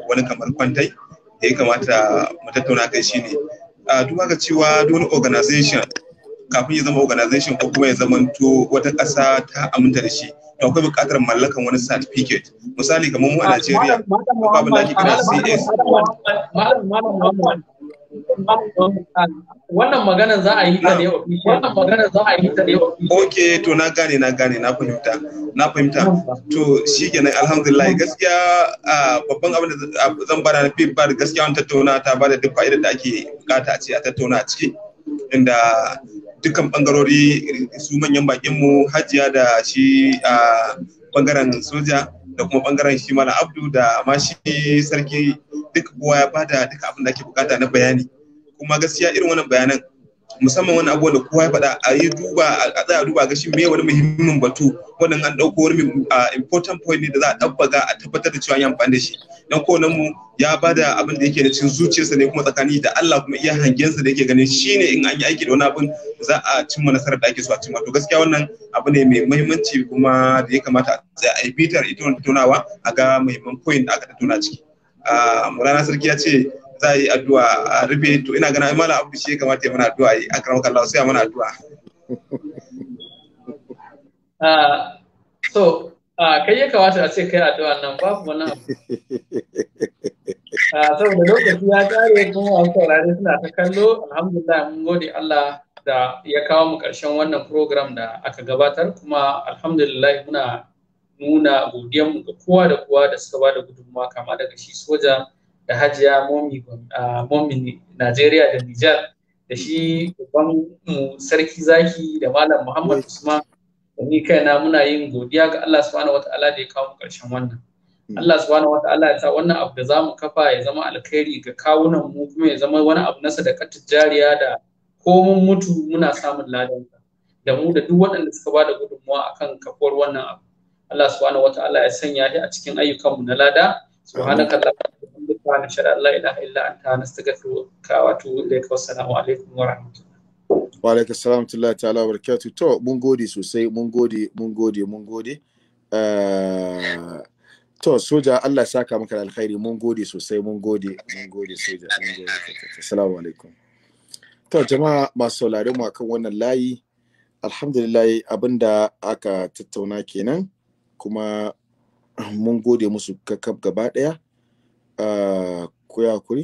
wani kamar kwantai da ya kamata mu tattauna kai shine a duba ga cewa duk wani organization kafin ya zama organization ko kuma ya zama to wata ƙasa ta aminta da shi to akwai buƙatar mallakan wani certificate misali kamar mu a Najeriya
babu da ake kira CS wannan magana za a yi ta ne wannan magana za a yi ta ne
okay to na gane na gane na fahimta na fahimta to shikenan alhamdulillah gaskiya babban abin da zan bada na feed da gaskiya wannan tattauna ta bada duk fa'idar da ake bukata a ce a tattauna a ciki inda dukkan bangarori su manyan bakin mu hajiya da shi bangaren soja da kuma bangaren shi mala abdu da amma shi sarki duk kowa ya bada duka abin da ake bukata na bayani kuma gaskiya irin wannan bayanan musamman wani abubuwan da kowa ya faɗa a yi duba a tsaya duba ga shi me wani muhimmin batu wannan an ɗauko wani important point ne da za a ɗabbaga a tabbatar da cewa an yi amfani da shi dan kowannen mu ya da abin da yake da cikin zuciyarsa ne kuma tsakani da Allah kuma iya hangensa da yake ganin shine in an yi aiki da wani abin za a cimma nasarar da ake so a cimma to gaskiya wannan abu ne mai muhimmanci kuma da ya kamata a a yi bitar ita wannan tunawa a ga muhimman point da aka tattauna ciki. murana Sarki ya ce za a yi addu'a a rufe to ina gana mala abu shi kamata ya mana addu'a yi akram kallahu sai mana addu'a
ah, so ah, kai ya kamata a ce kai addu'a nan babu wannan ah, saboda lokaci ya kare kuma an saurare suna ta kallo alhamdulillah mun gode Allah da ya kawo mu karshen wannan program da aka gabatar kuma alhamdulillah muna nuna mu ga kowa da kowa da suka ba da gudunmawa kama daga shi soja da hajiya momi Najeriya da Nijar da shi uban sarki zaki da malam Muhammad Usman da ni kaina muna yin godiya ga Allah subhanahu ta'ala da ya kawo karshen wannan mm. Allah subhanahu ta'ala ya sa wannan abu da zamu kafa ya zama alkhairi ga kawunan mu kuma ya zama wani abu na sadakar jariya da ko mun mutu muna samun ladanka da mu da duk waɗanda suka bada gudunmuwa akan kafuwar wannan abu Allah subhanahu ta'ala ya sanya shi a cikin ayyukan mu na lada subhanaka ونشهد أن لا إله إلا أنت نستغفرك وأتوب إليك والسلام عليكم ورحمة الله
Walaikar salam tullahi ta'ala wa barakatu. To, mun gode sosai, mun gode, mun gode, mun gode. To, soja Allah ya saka maka alkhairi, mun gode sosai, mun gode, mun gode soja, mun gode. Assalamu alaikum. To, jama'a masu saurare mu akan wannan layi, alhamdulillah abinda aka tattauna kenan, kuma mun gode musu kakab gaba ɗaya. Ah, Kuya ya kuri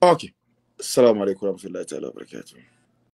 ok assalamu alaikum warahmatullahi ta'ala barakatuh